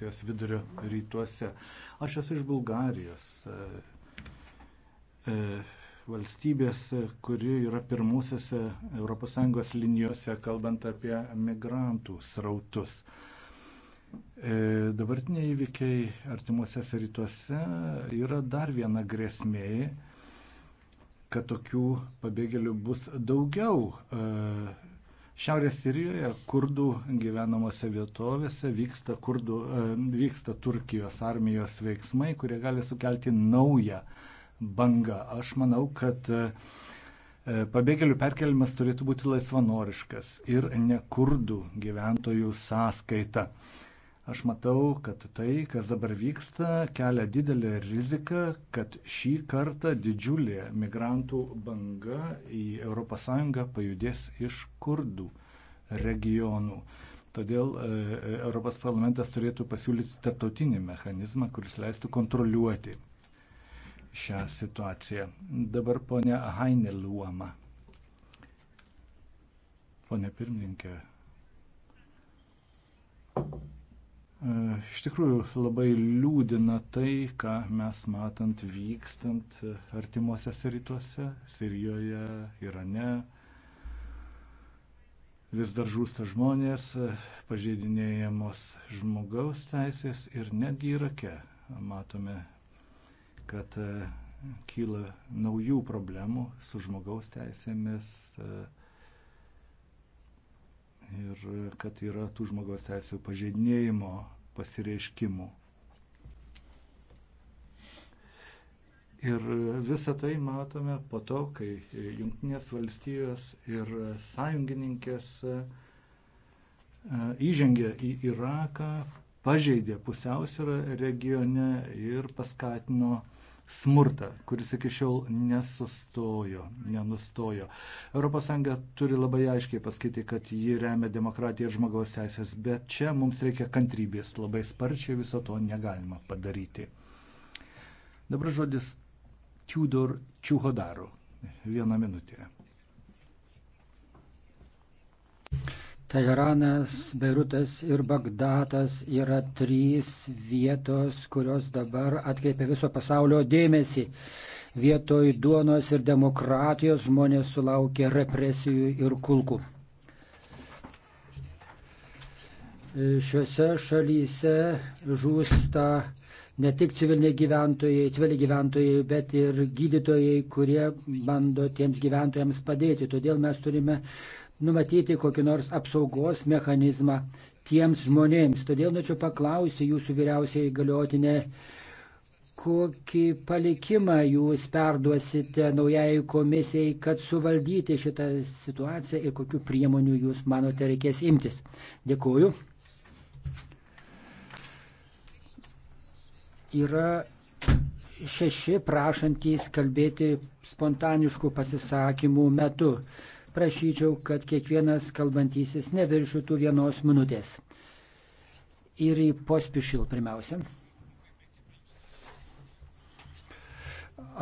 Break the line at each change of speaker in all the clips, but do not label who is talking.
ties vidurio rytuose. Aš esu iš Bulgarijos e, e, valstybės, kuri yra pirmusiose ES linijose, kalbant apie migrantų srautus. E, dabartiniai įvykiai artimuosiuose rytuose yra dar viena grėsmė, kad tokių pabėgėlių bus daugiau. Šiaurės Sirijoje, kurdų gyvenamose vietovėse vyksta, kurdų, e, vyksta Turkijos armijos veiksmai, kurie gali sukelti naują bangą. Aš manau, kad e, e, pabėgėlių perkelimas turėtų būti laisvanoriškas ir ne kurdų gyventojų sąskaita. Aš matau, kad tai, kas dabar vyksta, kelia didelį riziką, kad šį kartą didžiulė migrantų banga į ES pajudės iš kurdų regionų. Todėl e, e, Europos parlamentas turėtų pasiūlyti tarptautinį mechanizmą, kuris leistų kontroliuoti šią situaciją. Dabar ponia Haineluoma. Pone pirmininkė. Thank you. E, iš tikrųjų labai liūdina tai, ką mes matant vykstant artimuosiuose rytuose, Sirijoje, Irane. Vis dar žūsta žmonės, pažeidinėjamos žmogaus teisės ir netgi Irake matome, kad e, kyla naujų problemų su žmogaus teisėmis, e, ir kad yra tų žmogaus teisų pažeidinėjimo pasireiškimų. Ir visą tai matome po to, kai Junktinės valstijos ir sąjungininkės e, įžengė į Iraką, pažeidė pusiausvyrą regione ir paskatino uh, smurtą, kuris iki šiol nesustojo, nenustojo. ES turi labai aiškiai pasakyti, kad ji remia demokratiją ir žmogaus teisės, bet čia mums reikia kantrybės, labai sparčiai viso to negalima padaryti. Dabar žodis Tudor Čiuhodaru. Vieną minutę.
Teheranas, Beirutas ir Bagdatas yra trys vietos, kurios dabar atkreipia viso pasaulio dėmesį. Vietoj duonos ir demokratijos žmonės sulaukė represijų ir kulkų. Šiuose šalyse žūsta ne tik civiliniai gyventojai, civiliai gyventojai, bet ir gydytojai, kurie bando tiems gyventojams padėti. Todėl mes turime uh, numatyti kokį nors apsaugos mechanizmą tiems žmonėms. Todėl norėčiau paklausti jūsų vyriausiai galiotinę, kokį palikimą jūs perduosite naujai komisijai, kad suvaldyti šitą situaciją ir kokiu priemonių jūs manote reikės imtis. Dėkuoju. Yra šeši prašantys kalbėti spontaniškų pasisakymų metu prašyčiau, kad kiekvienas kalbantysis neviršytų vienos minutės. Ir į pospišil pirmiausia.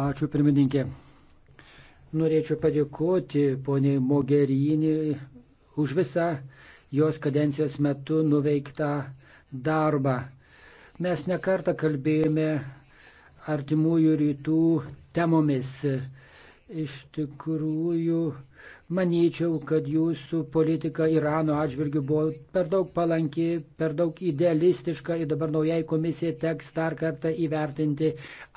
Ačiū pirmininkė. Norėčiau padėkoti poniai Mogerinį už visą jos kadencijos metu nuveiktą darbą. Mes nekartą kalbėjome artimųjų rytų temomis. Iš tikrųjų, manyčiau, kad jūsų politika Irano atžvilgių buvo per daug palanki, per daug idealistiška ir dabar naujai komisijai teks dar kartą įvertinti,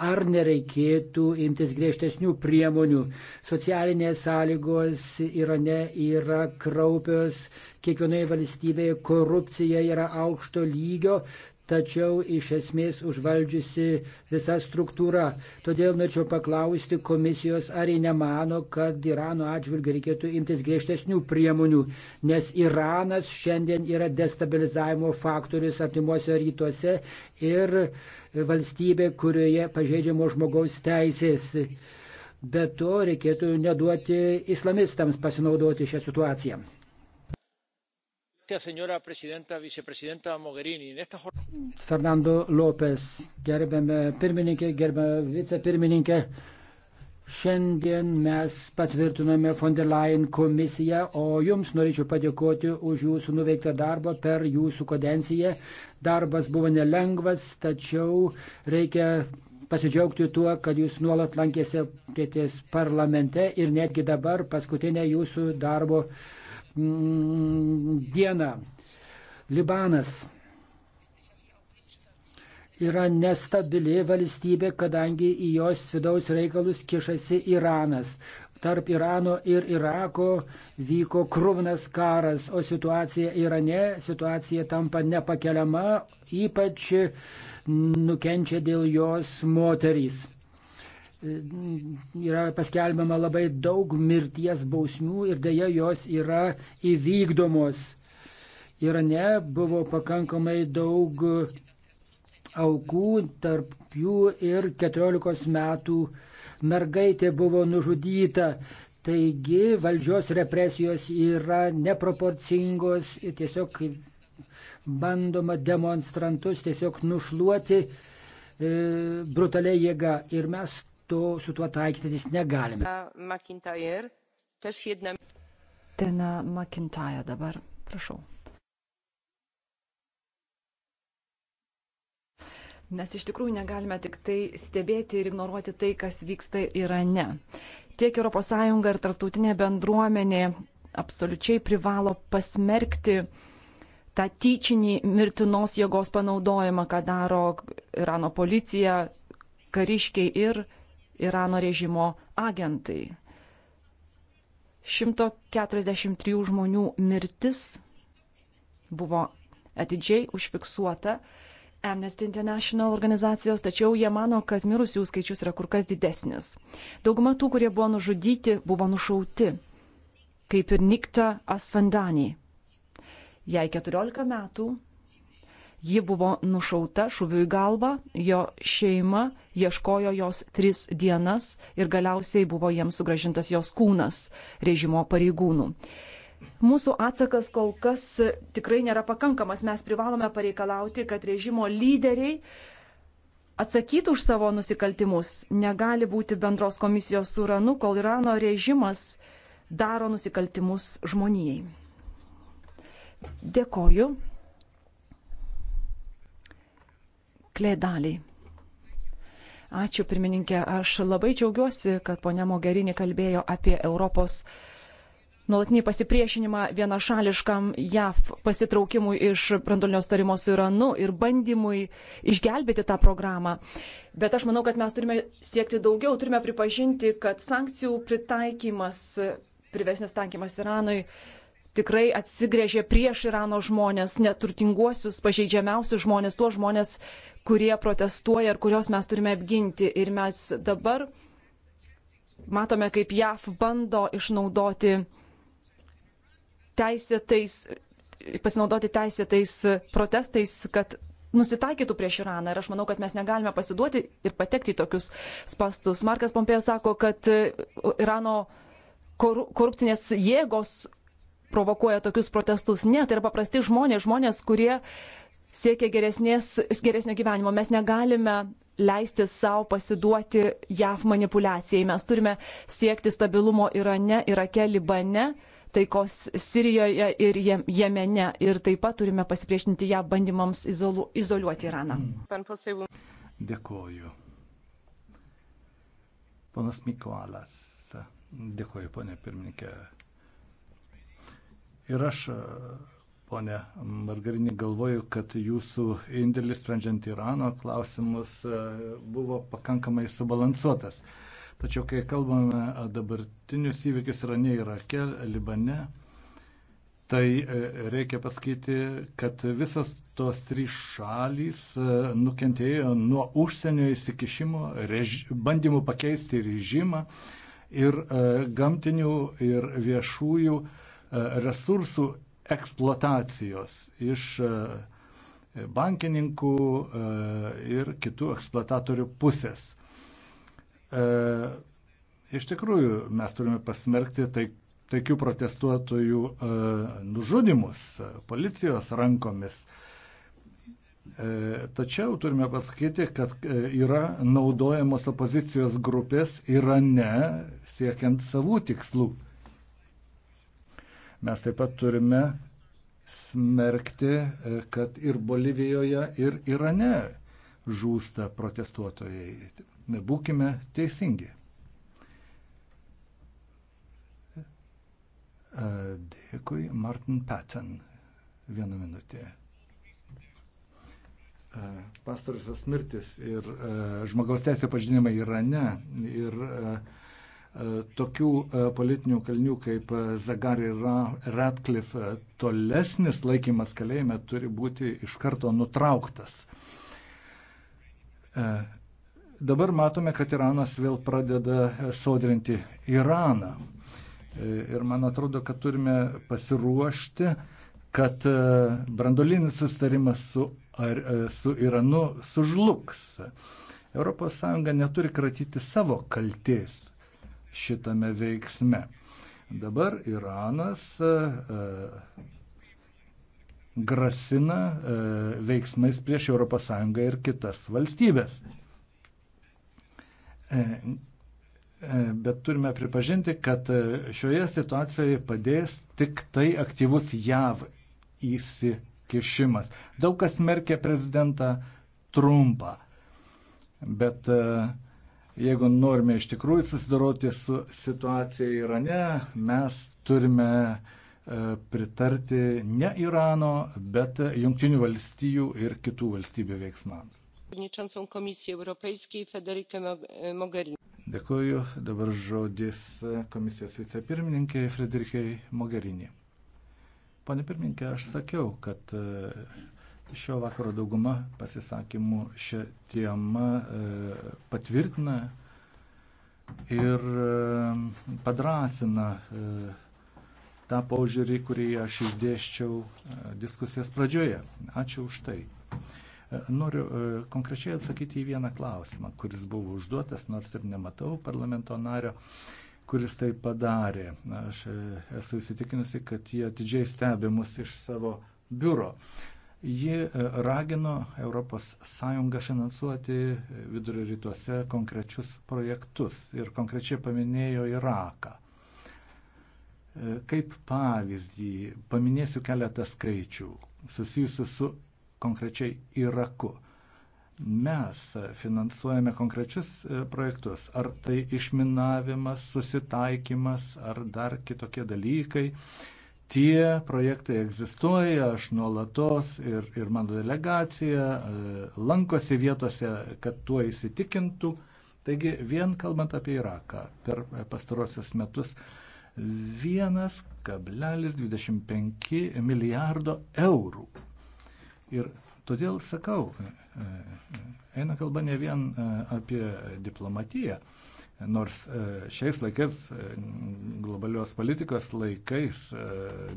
ar nereikėtų imtis griežtesnių priemonių. Socialinės sąlygos Irane yra kraupios, kiekvienoje valstybėje korupcija yra aukšto lygio, tačiau iš esmės užvaldžiusi visa struktūra. Todėl norėčiau paklausti komisijos, ar jie nemano, kad Irano atžvilgiu reikėtų imtis griežtesnių priemonių, nes Iranas šiandien yra destabilizavimo faktorius artimuose rytuose ir valstybė, kurioje pažeidžiamo žmogaus teisės. Be to reikėtų neduoti islamistams pasinaudoti šią situaciją. Fernando Lopes, gerbiame pirmininkė, gerbiame vicepirmininkė. Šiandien mes patvirtiname von der Leyen komisiją, o jums norėčiau padėkoti už jūsų nuveiktą darbą per jūsų kadenciją. Darbas buvo nelengvas, tačiau reikia pasidžiaugti tuo, kad jūs nuolat lankėsi ties parlamente ir netgi dabar paskutinę jūsų darbo uh, Mm, dieną. Libanas yra nestabili valstybė, kadangi į jos vidaus reikalus kišasi Iranas. Tarp Irano ir Irako vyko krūvnas karas, o situacija Irane, situacija tampa nepakeliama, ypač nukenčia dėl jos moterys yra paskelbiama labai daug mirties bausmių ir dėja jos yra įvykdomos. Irane buvo pakankamai daug aukų, tarp jų ir 14 metų mergaitė buvo nužudyta. Taigi valdžios represijos yra neproporcingos ir tiesiog bandoma demonstrantus tiesiog nušluoti e, brutaliai jėga. Ir mes to, su tuo taikytis
negalime. Tena McIntyre dabar, prašau. Nes iš tikrųjų negalime tik tai stebėti ir ignoruoti tai, kas vyksta Irane. Tiek ES ir tarptautinė bendruomenė absoliučiai privalo pasmerkti tą tyčinį mirtinos jėgos panaudojimą, ką daro Irano policija, kariškiai ir Irano režimo agentai. 143 žmonių mirtis buvo atidžiai užfiksuota Amnesty International organizacijos, tačiau jie mano, kad mirusių skaičius yra kur kas didesnis. Dauguma tų, kurie buvo nužudyti, buvo nušauti, kaip ir Nikta Asfandani. Jai 14 metų Ji buvo nušauta šuviu į galvą, jo šeima ieškojo jos tris dienas ir galiausiai buvo jiems sugražintas jos kūnas režimo pareigūnų. Mūsų atsakas kol kas tikrai nėra pakankamas. Mes privalome pareikalauti, kad režimo lyderiai atsakytų už savo nusikaltimus. Negali būti bendros komisijos su Iranu, kol Irano režimas daro nusikaltimus žmonijai. Dėkoju. nuoseklė daliai. Ačiū, pirmininkė. Aš labai džiaugiuosi, kad ponia Mogherini kalbėjo apie Europos nuolatinį pasipriešinimą vienašališkam JAV pasitraukimui iš brandolinio starimo su Iranu ir bandymui išgelbėti tą programą. Bet aš manau, kad mes turime siekti daugiau, turime pripažinti, kad sankcijų pritaikymas, privesnis tankimas Iranui tikrai atsigrėžė prieš Irano žmonės, neturtinguosius, pažeidžiamiausius žmonės, tuos žmonės, kurie protestuoja ir kuriuos mes turime apginti. Ir mes dabar matome, kaip JAF bando išnaudoti teisėtais, pasinaudoti teisėtais protestais, kad nusitaikytų prieš Iraną. Ir aš manau, kad mes negalime pasiduoti ir patekti į tokius spastus. Markas Pompėjas sako, kad Irano korupcinės jėgos provokuoja tokius protestus. Ne, tai yra paprasti žmonės, žmonės, kurie uh, siekia geresnės, geresnio gyvenimo. Mes negalime leisti savo pasiduoti JAV manipulacijai. Mes turime siekti stabilumo Irane, Irake, Libane, taikos Sirijoje ir Jemene. Ir taip pat turime pasipriešinti ją bandymams izolu, izoliuoti Iraną.
Dėkoju. Ponas Mikolas. Dėkoju, ponė pirmininkė. Ir aš Pone Margarinį, galvoju, kad jūsų indėlis sprendžiant Irano klausimus e, buvo pakankamai subalansuotas. Tačiau, kai kalbame dabartinius įvykius Irane, Irake, Libane, tai e, reikia pasakyti, kad visas tos trys šalys e, nukentėjo nuo užsienio įsikišimo, reži, bandymų pakeisti režimą ir gamtinių ir viešųjų resursų eksploatacijos iš e, bankininkų e, ir kitų eksploatatorių pusės. E, iš tikrųjų, mes turime pasmerkti tai, taikių protestuotojų nužudimus policijos rankomis. Tačiau turime pasakyti, kad yra naudojamos opozicijos grupės Irane siekiant savų tikslų. Mes taip pat turime smerkti, e, kad ir Bolivijoje, ir Irane žūsta protestuotojai. Būkime teisingi. E, dėkui, Martin Patton. Vieną minutę. E, Pastarusios mirtis ir žmogaus teisė pažinimai Irane ir a, E, tokių e, politinių kalnių kaip e, Zagari Ratcliffe tolesnis laikymas kalėjime turi būti iš karto nutrauktas. Dabar matome, kad Iranas vėl pradeda sodrinti Iraną. Ir man atrodo, kad turime pasiruošti, kad brandolinis sustarimas su, ar, su Iranu sužlugs. ES neturi kratyti savo kalties šitame veiksme. Dabar Iranas e, e, grasina e, veiksmais prieš ES ir kitas valstybės. Bet turime pripažinti, kad šioje situacijoje padės tik tai aktyvus JAV įsikišimas. Daug kas merkia prezidentą Trumpą. Bet uh, Jeigu norime iš tikrųjų susidoroti su situacija Irane, mes turime e, pritarti ne Irano, bet Junktinių valstijų ir kitų valstybių veiksmams. E, Dėkuoju. Dabar žodis komisijos vicepirmininkiai Frederikai Mogherini. Pane pirmininkė, aš sakiau, kad e, Šio vakaro dauguma pasisakymų šią temą e, patvirtina ir e, padrasina e, tą paužiūrį, kurį aš išdėščiau diskusijos pradžioje. Ačiū už tai. Noriu konkrečiai atsakyti į vieną klausimą, kuris buvo užduotas, nors ir nematau parlamento nario kuris tai padarė. Aš esu įsitikinusi, kad jie atidžiai stebi mus iš savo biuro. Ji e, ragino ES finansuoti e, vidurio rytuose konkrečius projektus ir konkrečiai paminėjo Iraką. E, kaip pavyzdį paminėsiu keletą skaičių susijusių su konkrečiai Iraku. Mes finansuojame konkrečius projektus, ar tai išminavimas, susitaikymas, ar dar kitokie dalykai Tie projektai egzistuoja, aš nuolatos ir, ir mano delegacija e, lankosi vietose, kad tuo įsitikintų. Taigi, vien kalbant apie Iraką, per pastarosius metus 1,25 milijardo eurų. Ir todėl sakau, e, e, eina kalba ne vien apie diplomatiją, Nors e, šiais laikais, e, globalios politikos laikais, e,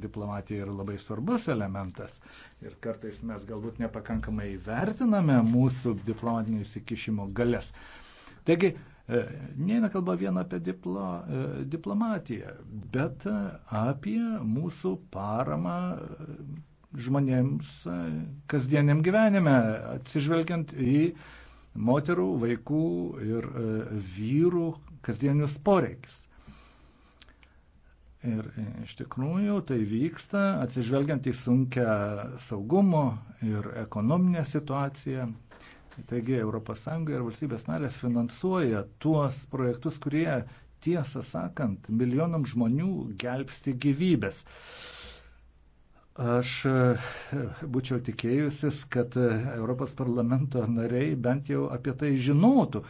diplomatija yra labai svarbus elementas ir kartais mes galbūt nepakankamai vertiname mūsų diplomatinio įsikišimo galės. Taigi, neina kalba vien apie diplo, diplomatiją, bet apie mūsų paramą žmonėms kasdieniam gyvenime, atsižvelgiant į moterų, vaikų ir e, vyrų kasdienius poreikius. Ir e, iš tikrųjų tai vyksta atsižvelgiant į sunkę saugumo ir ekonominę situaciją. Taigi ES ir valstybės narės finansuoja tuos projektus, kurie tiesą sakant milijonam žmonių gelbsti gyvybės. Uh, Aš e, būčiau tikėjusis, kad e, Europos parlamento nariai bent jau apie tai žinotų.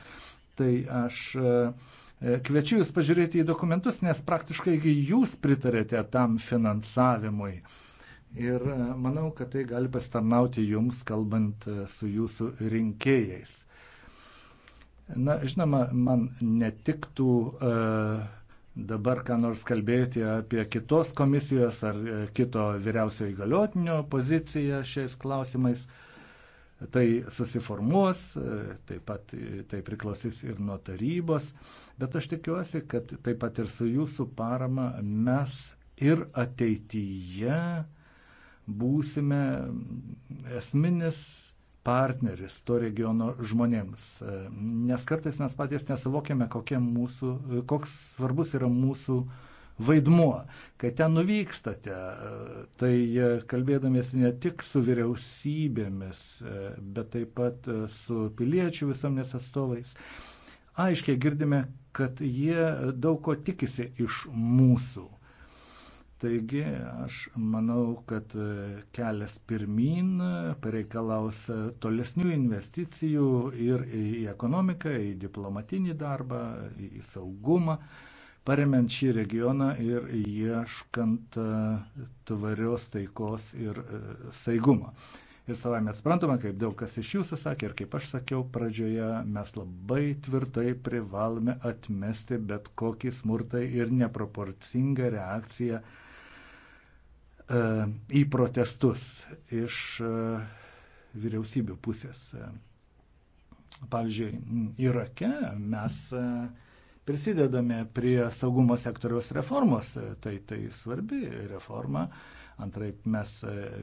Tai aš e, kviečiu Jūs pažiūrėti į dokumentus, nes praktiškai Jūs pritarėte tam finansavimui. Ir manau, kad tai gali pasitarnauti Jums, kalbant su Jūsų rinkėjais. Na, žinoma, man netiktų uh, dabar ką nors kalbėti apie kitos komisijos ar e, kito vyriausio įgaliotinio poziciją šiais klausimais. Tai susiformuos, e, taip pat e, tai priklausys ir nuo tarybos, bet aš tikiuosi, kad taip pat ir su jūsų parama mes ir ateityje būsime esminis partneris to regiono žmonėms. E, nes kartais mes patys nesuvokiame, mūsų, e, koks svarbus yra mūsų vaidmuo. Kai ten nuvykstate, e, tai kalbėdamės ne tik su vyriausybėmis, bet taip pat su piliečių visuomenės atstovais, aiškiai girdime, kad jie daug ko tikisi iš mūsų. Taigi aš manau, kad e, kelias pirmin e, pareikalaus e, tolesnių investicijų ir į ekonomiką, į diplomatinį darbą, į saugumą, paremiant šį regioną ir ieškant tvarios taikos ir saigumo. Ir savai mes suprantame, kaip daug kas iš jūsų sakė ir kaip aš sakiau pradžioje, mes labai tvirtai privalome atmesti bet kokį smurtą ir neproporcingą reakciją E, į protestus iš e, vyriausybių pusės. Pavyzdžiui, Irake mes e, prisidedame prie saugumo sektoriaus reformos, tai tai svarbi reforma, antraip mes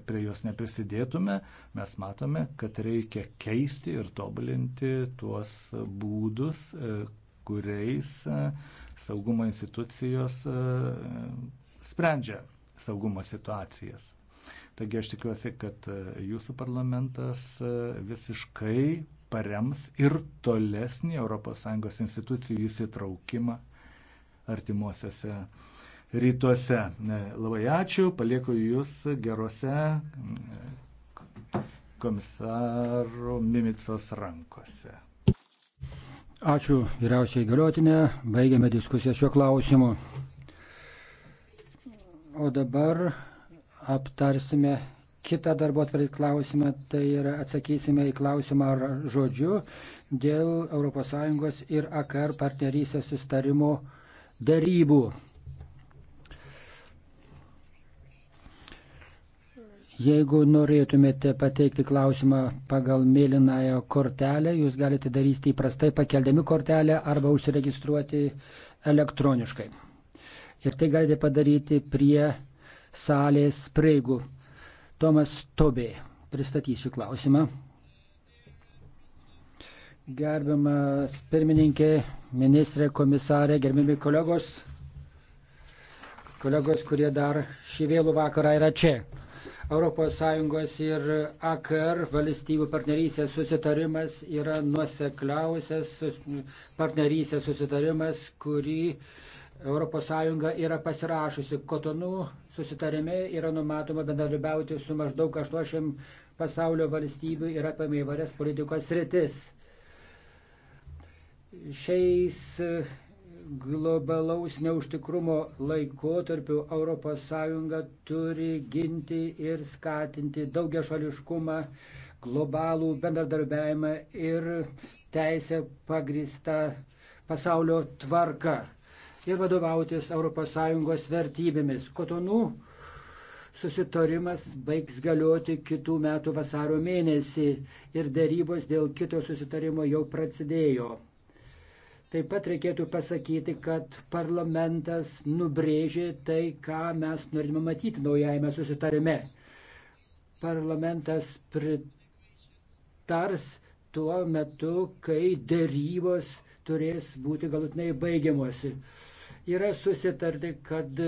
prie jos neprisidėtume, mes matome, kad reikia keisti ir tobulinti tuos būdus, kuriais saugumo institucijos sprendžia saugumo situacijas. Taigi aš tikiuosi, kad e, jūsų parlamentas e, visiškai parems ir tolesnį ES institucijų įsitraukimą artimuosiuose rytuose. E, labai ačiū, palieku jūs gerose mm, komisaro Mimicos rankose.
Ačiū vyriausiai galiotinė, baigiame diskusiją šiuo klausimu. O dabar aptarsime kitą darbo atvarį klausimą, tai yra atsakysime į klausimą ar žodžiu dėl ES ir AKR partnerysės sustarimo darybų. Jeigu norėtumėte pateikti klausimą pagal mėlynąją kortelę, jūs galite daryti įprastai pakeldami kortelę arba užsiregistruoti elektroniškai ir tai galite padaryti prie salės prieigų. Tomas Tobė pristatys šį klausimą. Gerbiamas pirmininkė, ministrė, komisarė, gerbiami kolegos, kolegos, kurie dar šį vėlų vakarą yra čia. ES ir AKR valstybių partnerysės susitarimas yra nuosekliausias partnerysės susitarimas, kurį ES yra pasirašusi kotonų susitarime, yra numatoma bendradarbiauti su maždaug 80 pasaulio valstybių ir apima įvairias politikos sritis. Šiais globalaus neužtikrumo laikotarpiu ES turi ginti ir skatinti daugiašališkumą, globalų bendradarbiavimą ir teisę pagristą pasaulio tvarką ir vadovautis ES vertybėmis. Kotonų susitarimas baigs galioti kitų metų vasaro mėnesį ir dėrybos dėl kito susitarimo jau prasidėjo. Taip pat reikėtų pasakyti, kad parlamentas nubrėžė tai, ką mes norime matyti naujajame susitarime. Parlamentas pritars tuo metu, kai dėrybos turės būti galutinai baigiamosi yra susitarti, kad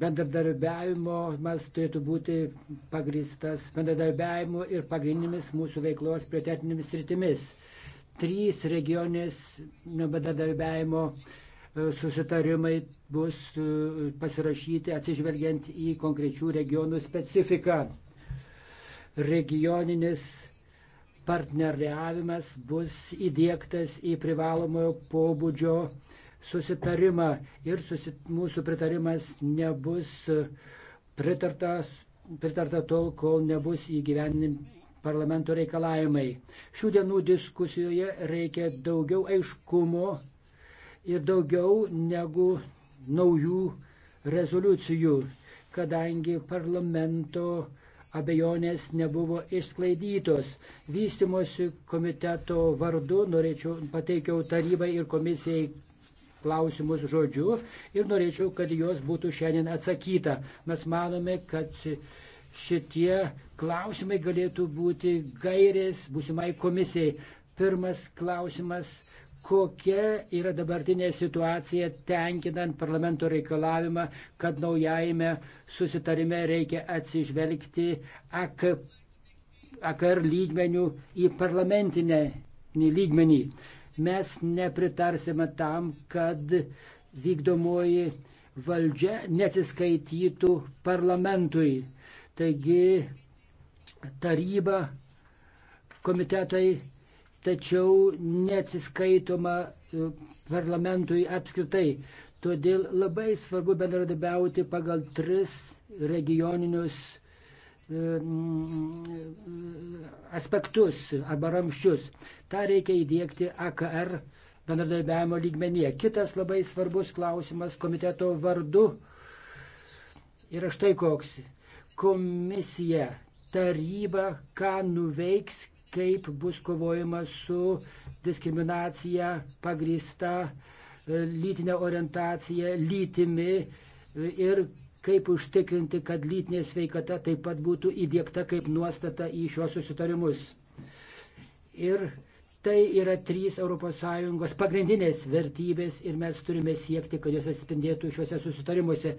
bendradarbiavimas turėtų būti pagristas bendradarbiavimu ir pagrindinėmis mūsų veiklos prioritetinėmis rytimis. Trys regionės bendradarbiavimo e, susitarimai bus e, pasirašyti atsižvelgiant į konkrečių regionų specifiką. Regioninis partneriavimas bus įdėktas į privalomojo pobūdžio uh, susitarimą ir susit, mūsų pritarimas nebus e, pritartas, pritarta tol, kol nebus įgyveninti parlamento reikalavimai. Šių dienų diskusijoje reikia daugiau aiškumo ir daugiau negu naujų rezoliucijų, kadangi parlamento abejonės nebuvo išsklaidytos. Vystimosi komiteto vardu norėčiau pateikiau tarybai ir komisijai klausimus žodžiu ir norėčiau, kad jos būtų šiandien atsakyta. Mes manome, kad šitie klausimai galėtų būti gairės būsimai komisijai. Pirmas klausimas kokia yra dabartinė situacija tenkinant parlamento reikalavimą, kad naujajame susitarime reikia atsižvelgti AK, AKR lygmenių į parlamentinę lygmenį. Mes nepritarsime tam, kad vykdomoji valdžia neatsiskaitytų parlamentui. Taigi taryba, komitetai, tačiau neatsiskaitoma e, parlamentui apskritai. Todėl labai svarbu bendradarbiauti pagal tris regioninius aspektus arba ramščius. Ta reikia įdėkti AKR bendradarbiavimo lygmenyje. Kitas labai svarbus klausimas komiteto vardu yra štai koks. Komisija, taryba, ką nuveiks, kaip bus kovojama su diskriminacija pagrįsta e, lytinė orientacija, lytimi e, ir kaip užtikrinti, kad lytinė sveikata taip pat būtų įdėkta kaip nuostata į šios susitarimus. Ir tai yra trys ES pagrindinės vertybės ir mes turime siekti, kad jos atspindėtų šiuose susitarimuose.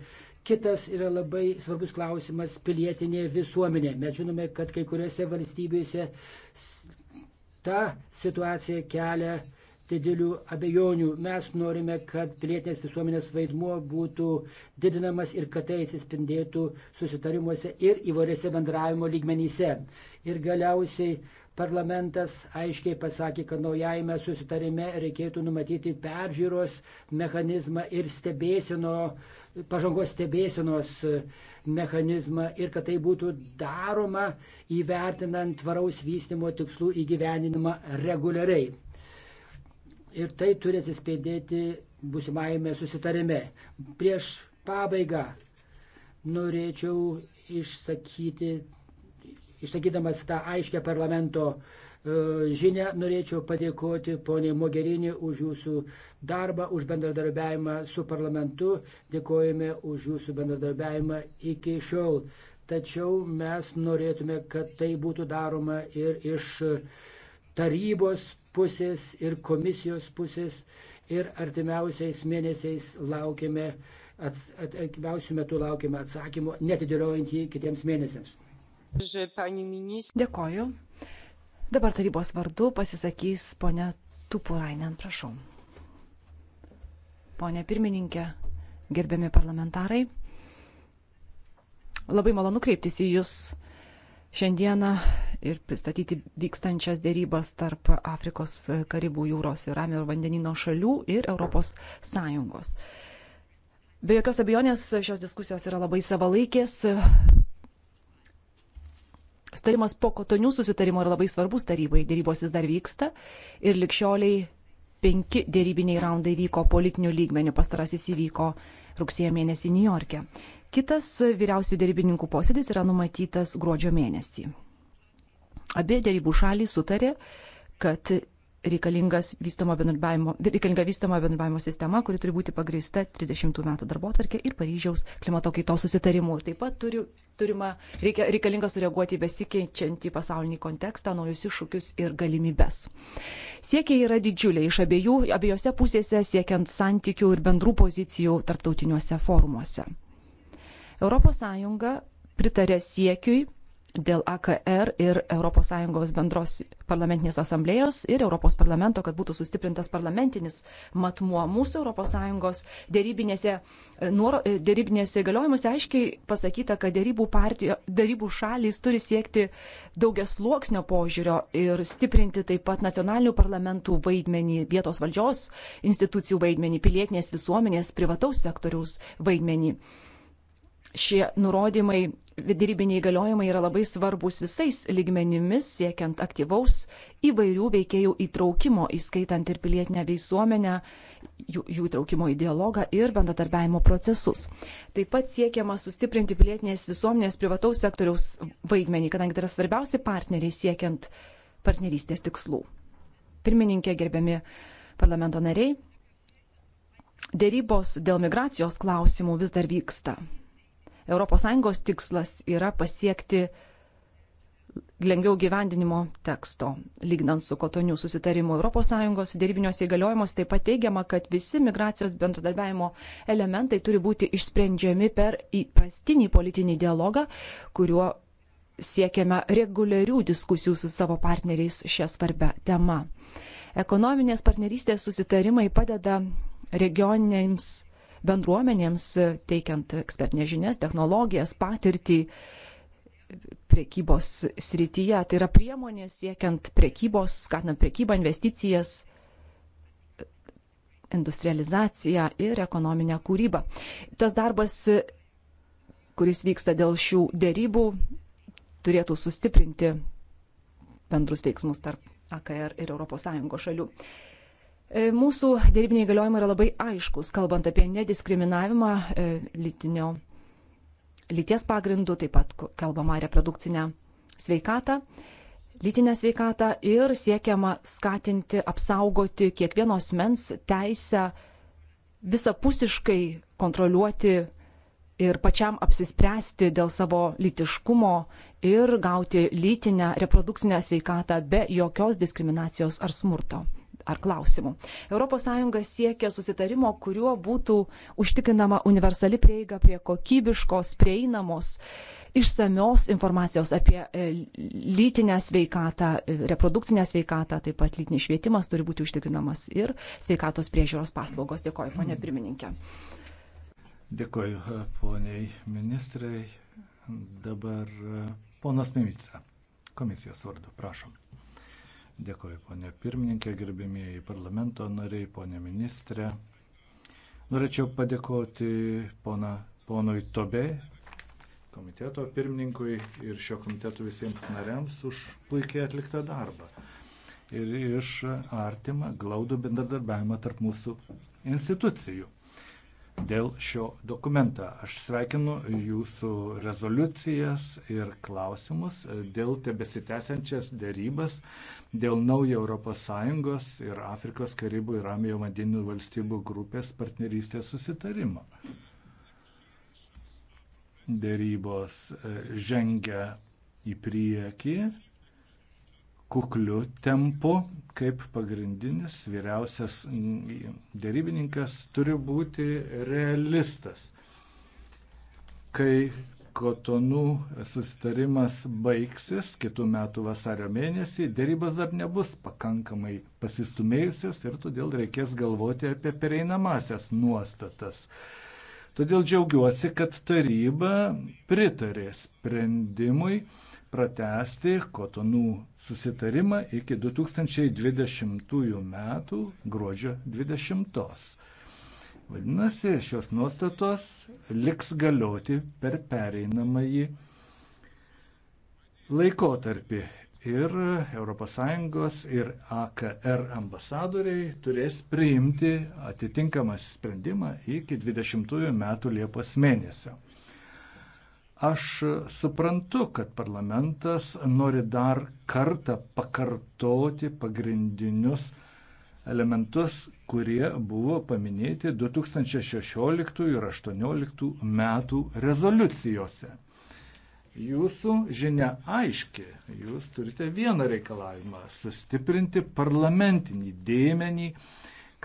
Kitas yra labai svarbus klausimas - pilietinė visuomenė. Mes žinome, kad kai kuriuose valstybėse ta situacija kelia uh, didelių abejonių. Mes norime, kad pilietinės visuomenės vaidmuo būtų didinamas ir kad tai atsispindėtų susitarimuose ir įvairiose bendravimo lygmenyse. Ir galiausiai parlamentas aiškiai pasakė, kad naujajame susitarime reikėtų numatyti peržiūros mechanizmą ir stebėsino, pažangos stebėsinos mechanizmą ir kad tai būtų daroma įvertinant tvaraus vystimo tikslų įgyveninimą reguliariai ir tai turi atsispėdėti busimajame susitarime. Prieš pabaigą norėčiau išsakyti, išsakydamas tą aiškę parlamento e, žinę, norėčiau padėkoti poniai Mogerinį už jūsų darbą, už bendradarbiavimą su parlamentu. Dėkojame už jūsų bendradarbiavimą iki šiol. Tačiau mes norėtume, kad tai būtų daroma ir iš tarybos pusės ir komisijos pusės ir artimiausiais mėnesiais laukiame, ats, at, artimiausių metų laukiame atsakymo, netidėliojant
jį kitiems mėnesiams. Dėkoju. Dabar tarybos vardu pasisakys ponia Tupurainen, prašau. Pone pirmininkė, gerbiami parlamentarai, labai malonu kreiptis į Jūs šiandieną ir pristatyti vykstančias dėrybas tarp Afrikos, Karibų jūros ir Ramio vandenino šalių ir Europos Sąjungos. Be jokios abejonės šios diskusijos yra labai savalaikės. Sutarimas po kotonių susitarimo yra labai svarbus tarybai, dėrybos vis dar vyksta ir likščioliai penki dėrybiniai raundai vyko politinių lygmenių, pastarasis įvyko rugsėjo mėnesį Niujorke. Kitas vyriausių dėrybininkų posėdis yra numatytas gruodžio mėnesį. Abi dėrybų šalys sutarė, kad reikalinga vystoma bendradarbiavimo sistema, kuri turi būti pagrįsta 30 metų darbo tvarkė ir Paryžiaus klimato kaitos susitarimu. Ir taip pat turi, turima, reikia, reikalinga sureaguoti besikeičiantį pasaulinį kontekstą, naujus iššūkius ir galimybes. Siekiai yra didžiuliai iš abiejų, abiejose pusėse siekiant santykių ir bendrų pozicijų tarptautiniuose forumuose. ES pritarė siekiui dėl AKR ir ES bendros parlamentinės asamblėjos ir ES parlamento, kad būtų sustiprintas parlamentinis matmuo mūsų ES dėrybinėse, e, nuoro, e, dėrybinėse galiojimuose aiškiai pasakyta, kad dėrybų, partijo, dėrybų šalys turi siekti daugias sluoksnio požiūrio ir stiprinti taip pat nacionalinių parlamentų vaidmenį, vietos valdžios institucijų vaidmenį, pilietinės visuomenės, privataus sektoriaus vaidmenį šie nurodymai, dėrybiniai įgaliojimai yra labai svarbus visais lygmenimis, siekiant aktyvaus įvairių veikėjų įtraukimo, įskaitant ir pilietinę visuomenę, jų, jų įtraukimo į dialogą ir bendradarbiavimo procesus. Taip pat siekiama sustiprinti pilietinės visuomenės privataus sektoriaus vaidmenį, kadangi tai yra svarbiausi partneriai siekiant partnerystės tikslų. Pirmininkė, gerbiami parlamento nariai, dėrybos dėl migracijos klausimų vis dar vyksta. ES tikslas yra pasiekti lengviau gyvendinimo teksto. Lygdant su kotonių susitarimu ES dėrybiniuose įgaliojimuose taip pat teigiama, kad visi migracijos bendradarbiavimo elementai turi būti išsprendžiami per įprastinį politinį dialogą, kuriuo siekiame reguliarių diskusijų su savo partneriais šią svarbę temą. Ekonominės partnerystės susitarimai padeda regioninėms bendruomenėms, teikiant ekspertinės žinias, technologijas, patirtį priekybos srityje. Tai yra priemonė siekiant priekybos, skatinant priekybą, investicijas, industrializaciją ir ekonominę kūrybą. Tas darbas, kuris vyksta dėl šių dėrybų, turėtų sustiprinti bendrus veiksmus tarp AKR ir ES šalių. E, mūsų dėrybiniai galiojimai yra labai aiškus, kalbant apie nediskriminavimą e, lytinio, lyties pagrindų, taip pat kalbama reprodukcinę sveikatą, lytinę sveikatą ir siekiama skatinti, apsaugoti kiekvienos mens teisę visapusiškai kontroliuoti ir pačiam apsispręsti dėl savo lytiškumo ir gauti lytinę reprodukcinę sveikatą be jokios diskriminacijos ar smurto ar klausimų. ES siekia susitarimo, kuriuo būtų užtikrinama universali prieiga prie kokybiškos, prieinamos, išsamios informacijos apie e, lytinę sveikatą, e, reprodukcinę sveikatą, taip pat lytinis švietimas turi būti užtikrinamas ir sveikatos priežiūros paslaugos. Dėkoju, ponė mhm. pirmininkė.
Dėkoju, e, poniai ministrai. Dabar ponas Mimica, komisijos vardu, prašom. Dėkoju, ponė pirmininkė, gerbėmieji parlamento nariai, ponė ministrė. Norėčiau padėkoti pona, ponui Tobė, komiteto pirmininkui ir šio komiteto visiems nariams už puikiai atliktą darbą ir iš artimą glaudų bendradarbiavimą tarp mūsų institucijų dėl šio dokumento. Aš sveikinu jūsų rezoliucijas ir klausimus dėl tebesitęsiančias dėrybas dėl naujo ES ir Afrikos Karibų ir Ramijo vandeninių valstybių grupės partnerystės susitarimo. Dėrybos e, žengia į priekį kukliu tempu, kaip pagrindinis vyriausias dėrybininkas turi būti realistas. Kai kotonų susitarimas baigsis kitų metų vasario mėnesį, dėrybos dar nebus pakankamai pasistumėjusios ir todėl reikės galvoti apie pereinamasias nuostatas. Todėl džiaugiuosi, kad taryba pritarė sprendimui, pratesti kotonų susitarimą iki 2020 metų gruodžio 20. Vadinasi, šios nuostatos liks galioti per pereinamąjį laikotarpį ir ES ir AKR ambasadoriai turės priimti atitinkamą sprendimą iki 20 metų Liepos mėnesio. Aš suprantu, kad parlamentas nori dar kartą pakartoti pagrindinius elementus, kurie buvo paminėti 2016 ir 2018 metų rezoliucijose. Jūsų žinia aiški, jūs turite vieną reikalavimą - sustiprinti parlamentinį dėmenį,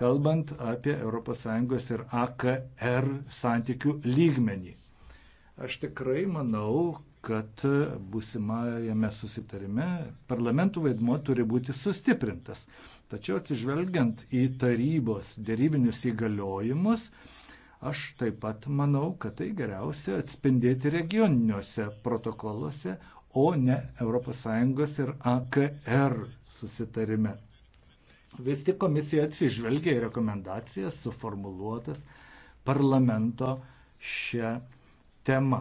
kalbant apie ES ir AKR santykių lygmenį Aš tikrai manau, kad busimajame susitarime parlamentų vaidmuo turi būti sustiprintas. Tačiau atsižvelgiant į tarybos dėrybinius įgaliojimus, aš taip pat manau, kad tai geriausia atspindėti regioniniuose protokoluose, o ne ES ir AKR susitarime. Vis tik komisija atsižvelgia į rekomendacijas suformuluotas parlamento šią tema.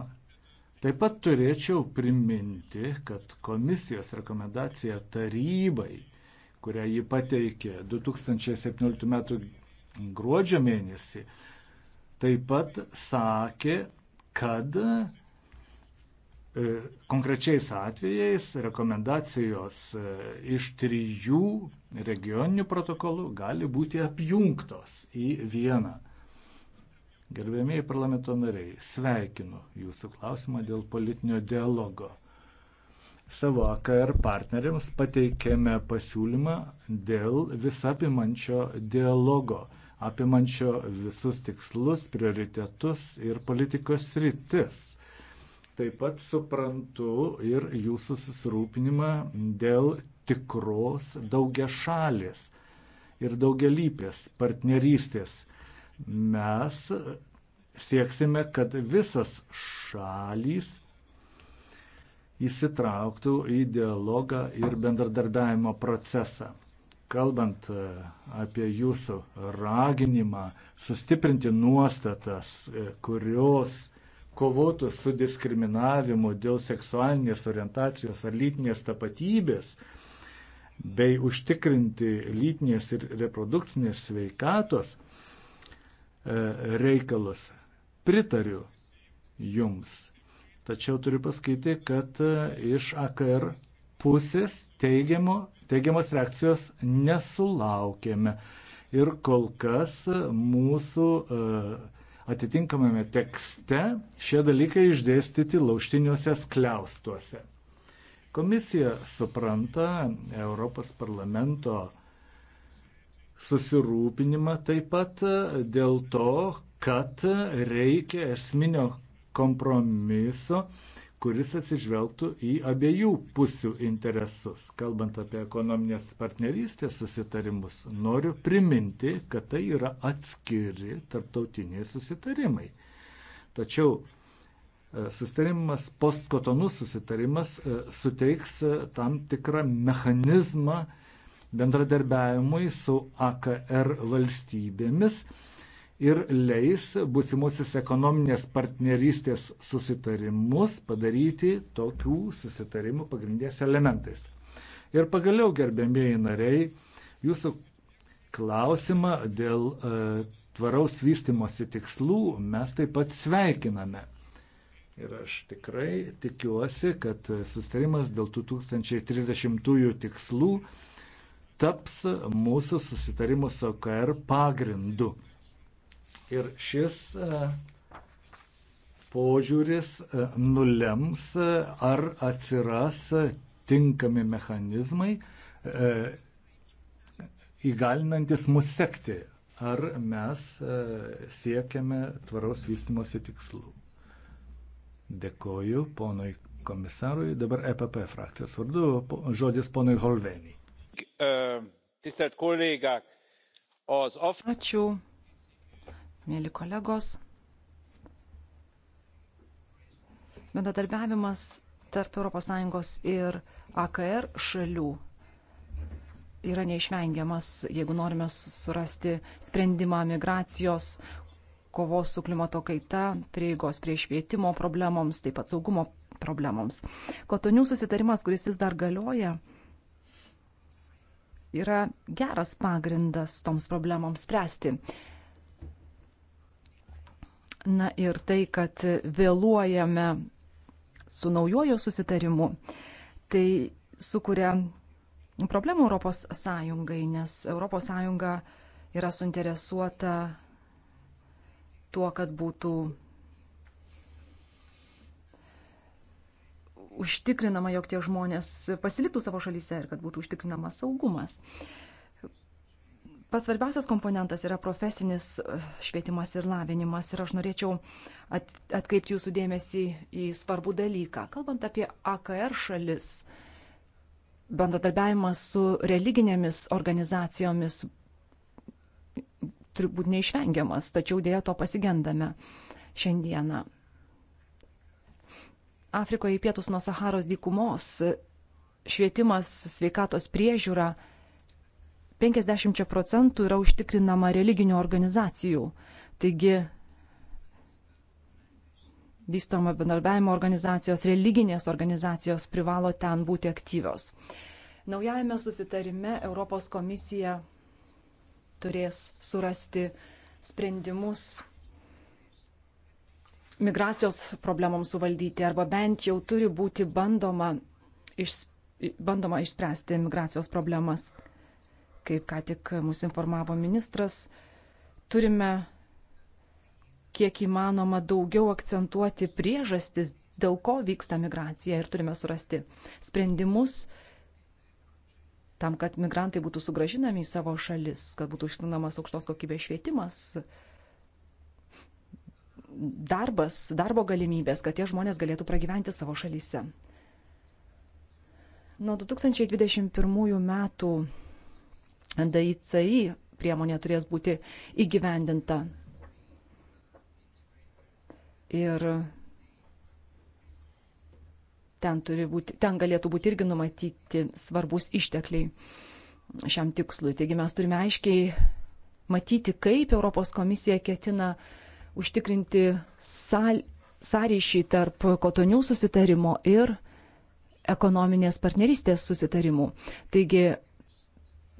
Taip pat turėčiau priminti, kad komisijos rekomendacija tarybai, kurią ji pateikė 2017 m. gruodžio mėnesį, taip pat sakė, kad e, konkrečiais atvejais rekomendacijos e, iš trijų regioninių protokolų gali būti apjungtos į vieną Gerbėmiai parlamento nariai, sveikinu jūsų klausimą dėl politinio dialogo. Savo AKR partneriams pateikėme pasiūlymą dėl visapimančio dialogo, apimančio visus tikslus, prioritetus ir politikos rytis. Taip pat suprantu ir jūsų susirūpinimą dėl tikros daugia šalės ir daugialypės partnerystės mes sieksime, kad visas šalys įsitrauktų į dialogą ir bendradarbiavimo procesą. Kalbant e, apie jūsų raginimą sustiprinti nuostatas, e, kurios kovotų su diskriminavimu dėl seksualinės orientacijos ar lytinės tapatybės, bei užtikrinti lytinės ir reprodukcinės sveikatos, E, reikalus. Pritariu jums. Tačiau turiu pasakyti, kad e, iš AKR pusės teigiamo, teigiamos reakcijos nesulaukėme. Ir kol kas mūsų e, atitinkamame tekste šie dalykai išdėstyti lauštiniuose skliaustuose. Komisija supranta Europos parlamento uh, susirūpinimą taip pat e, dėl to, kad reikia esminio kompromiso, kuris atsižvelgtų į abiejų pusių interesus. Kalbant apie ekonominės partnerystės susitarimus, noriu priminti, kad tai yra atskiri tarptautiniai susitarimai. Tačiau e, susitarimas, postkotonų susitarimas e, suteiks tam tikrą mechanizmą, bendradarbiavimui su AKR valstybėmis ir leis busimusis ekonominės partnerystės susitarimus padaryti tokių susitarimų pagrindės elementais. Ir pagaliau, gerbėmėjai nariai, jūsų klausimą dėl e, tvaraus vystimosi tikslų mes taip pat sveikiname. Ir aš tikrai tikiuosi, kad sustarimas dėl 2030 tikslų taps mūsų susitarimo su OKR pagrindu. Ir šis e, požiūris e, nulems, e, ar atsiras tinkami mechanizmai įgalinantis mus sekti, ar mes siekiame tvaraus vystimosi tikslų. Dėkoju ponui komisarui, dabar EPP frakcijos vardu, žodis ponui Holvenijai. Tisztelt kollégák, az Af... Ačiū,
mėly kolegos. Bendradarbiavimas tarp ES ir AKR šalių yra neišvengiamas, jeigu norime surasti sprendimą migracijos, kovos su klimato kaita, prieigos prie švietimo problemoms, taip pat saugumo problemoms. Kotonių susitarimas, kuris vis dar galioja, yra geras pagrindas toms problemoms spręsti. Na ir tai, kad vėluojame su naujojo susitarimu, tai sukuria problemų Europos Sąjungai, nes Europos Sąjunga yra suinteresuota tuo, kad būtų užtikrinama, jog tie žmonės pasiliktų savo šalyse ir kad būtų užtikrinamas saugumas. Pats svarbiausias komponentas yra profesinis e, švietimas ir lavinimas ir aš norėčiau at, atkreipti jūsų dėmesį į svarbų dalyką. Kalbant apie AKR šalis, bendradarbiavimas su religinėmis organizacijomis turbūt neišvengiamas, tačiau dėja to pasigendame šiandieną. Afrikoje į pietus nuo Saharos dykumos švietimas, sveikatos priežiūra 50 procentų yra užtikrinama religinių organizacijų. Taigi vystoma bendarbiavimo organizacijos, religinės organizacijos privalo ten būti aktyvios. Naujajame susitarime Europos komisija turės surasti sprendimus migracijos problemoms suvaldyti arba bent jau turi būti bandoma, iš, bandoma išspręsti migracijos problemas. Kaip ką tik mūsų informavo ministras, turime kiek įmanoma daugiau akcentuoti priežastis, dėl ko vyksta migracija ir turime surasti sprendimus tam, kad migrantai būtų sugražinami į savo šalis, kad būtų užtikrinamas aukštos kokybės švietimas, darbas, darbo galimybės, kad tie žmonės galėtų pragyventi savo šalyse. Nuo 2021 metų DICI priemonė turės būti įgyvendinta. Ir ten, būti, ten galėtų būti irgi numatyti svarbus ištekliai šiam tikslui. Taigi mes turime aiškiai matyti, kaip Europos komisija ketina uh, užtikrinti sal, sąryšį tarp kotonių susitarimo ir ekonominės partnerystės susitarimų. Taigi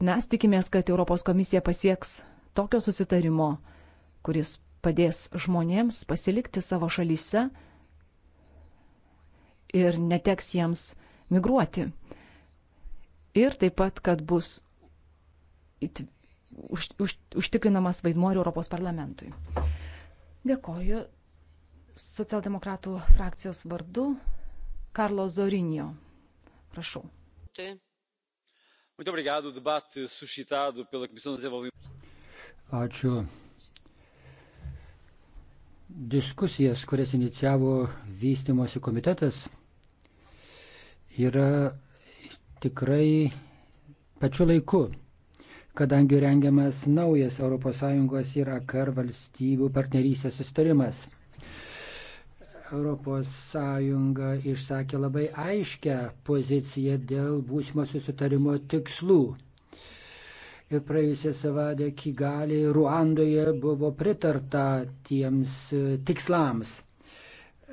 mes tikimės, kad Europos komisija pasieks tokio susitarimo, kuris padės žmonėms pasilikti savo šalyse ir neteks jiems migruoti. Ir taip pat, kad bus it, už, už, užtikrinamas vaidmuo ir Europos parlamentui. Dėkoju socialdemokratų frakcijos vardu Karlo Zorinio. Prašau. Ačiū.
Diskusijas, kurias inicijavo vystimosi komitetas, yra tikrai pačiu laiku kadangi rengiamas naujas ES ir AKR valstybių partnerystės sustarimas. ES išsakė labai aiškę poziciją dėl būsimo susitarimo tikslų. Ir praėjusią savaitę Kigali, Ruandoje buvo pritarta tiems tikslams.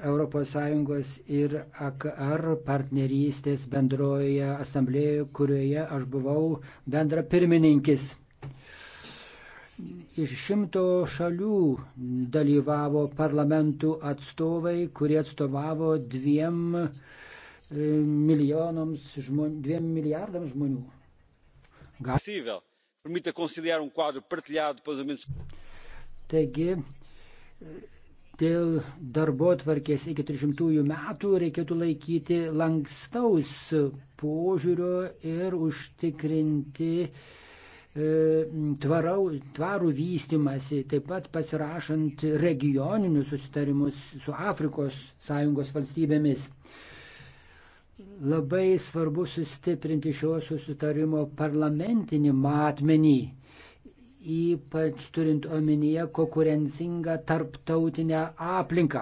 ES ir AKR partnerystės bendroje asamblėjoje, kurioje aš buvau bendra pirmininkis. Iš šimto šalių dalyvavo parlamentų atstovai, kurie atstovavo dviem e, milijonams žmonių, dviem milijardams žmonių. Gal... Um Taigi, dėl darbo tvarkės iki 300 metų reikėtų laikyti lankstaus požiūrio ir užtikrinti e, tvarau, tvarų vystimasi, taip pat pasirašant regioninius susitarimus su Afrikos sąjungos valstybėmis. Labai svarbu sustiprinti šio susitarimo parlamentinį matmenį ypač turint omenyje konkurencingą tarptautinę aplinką.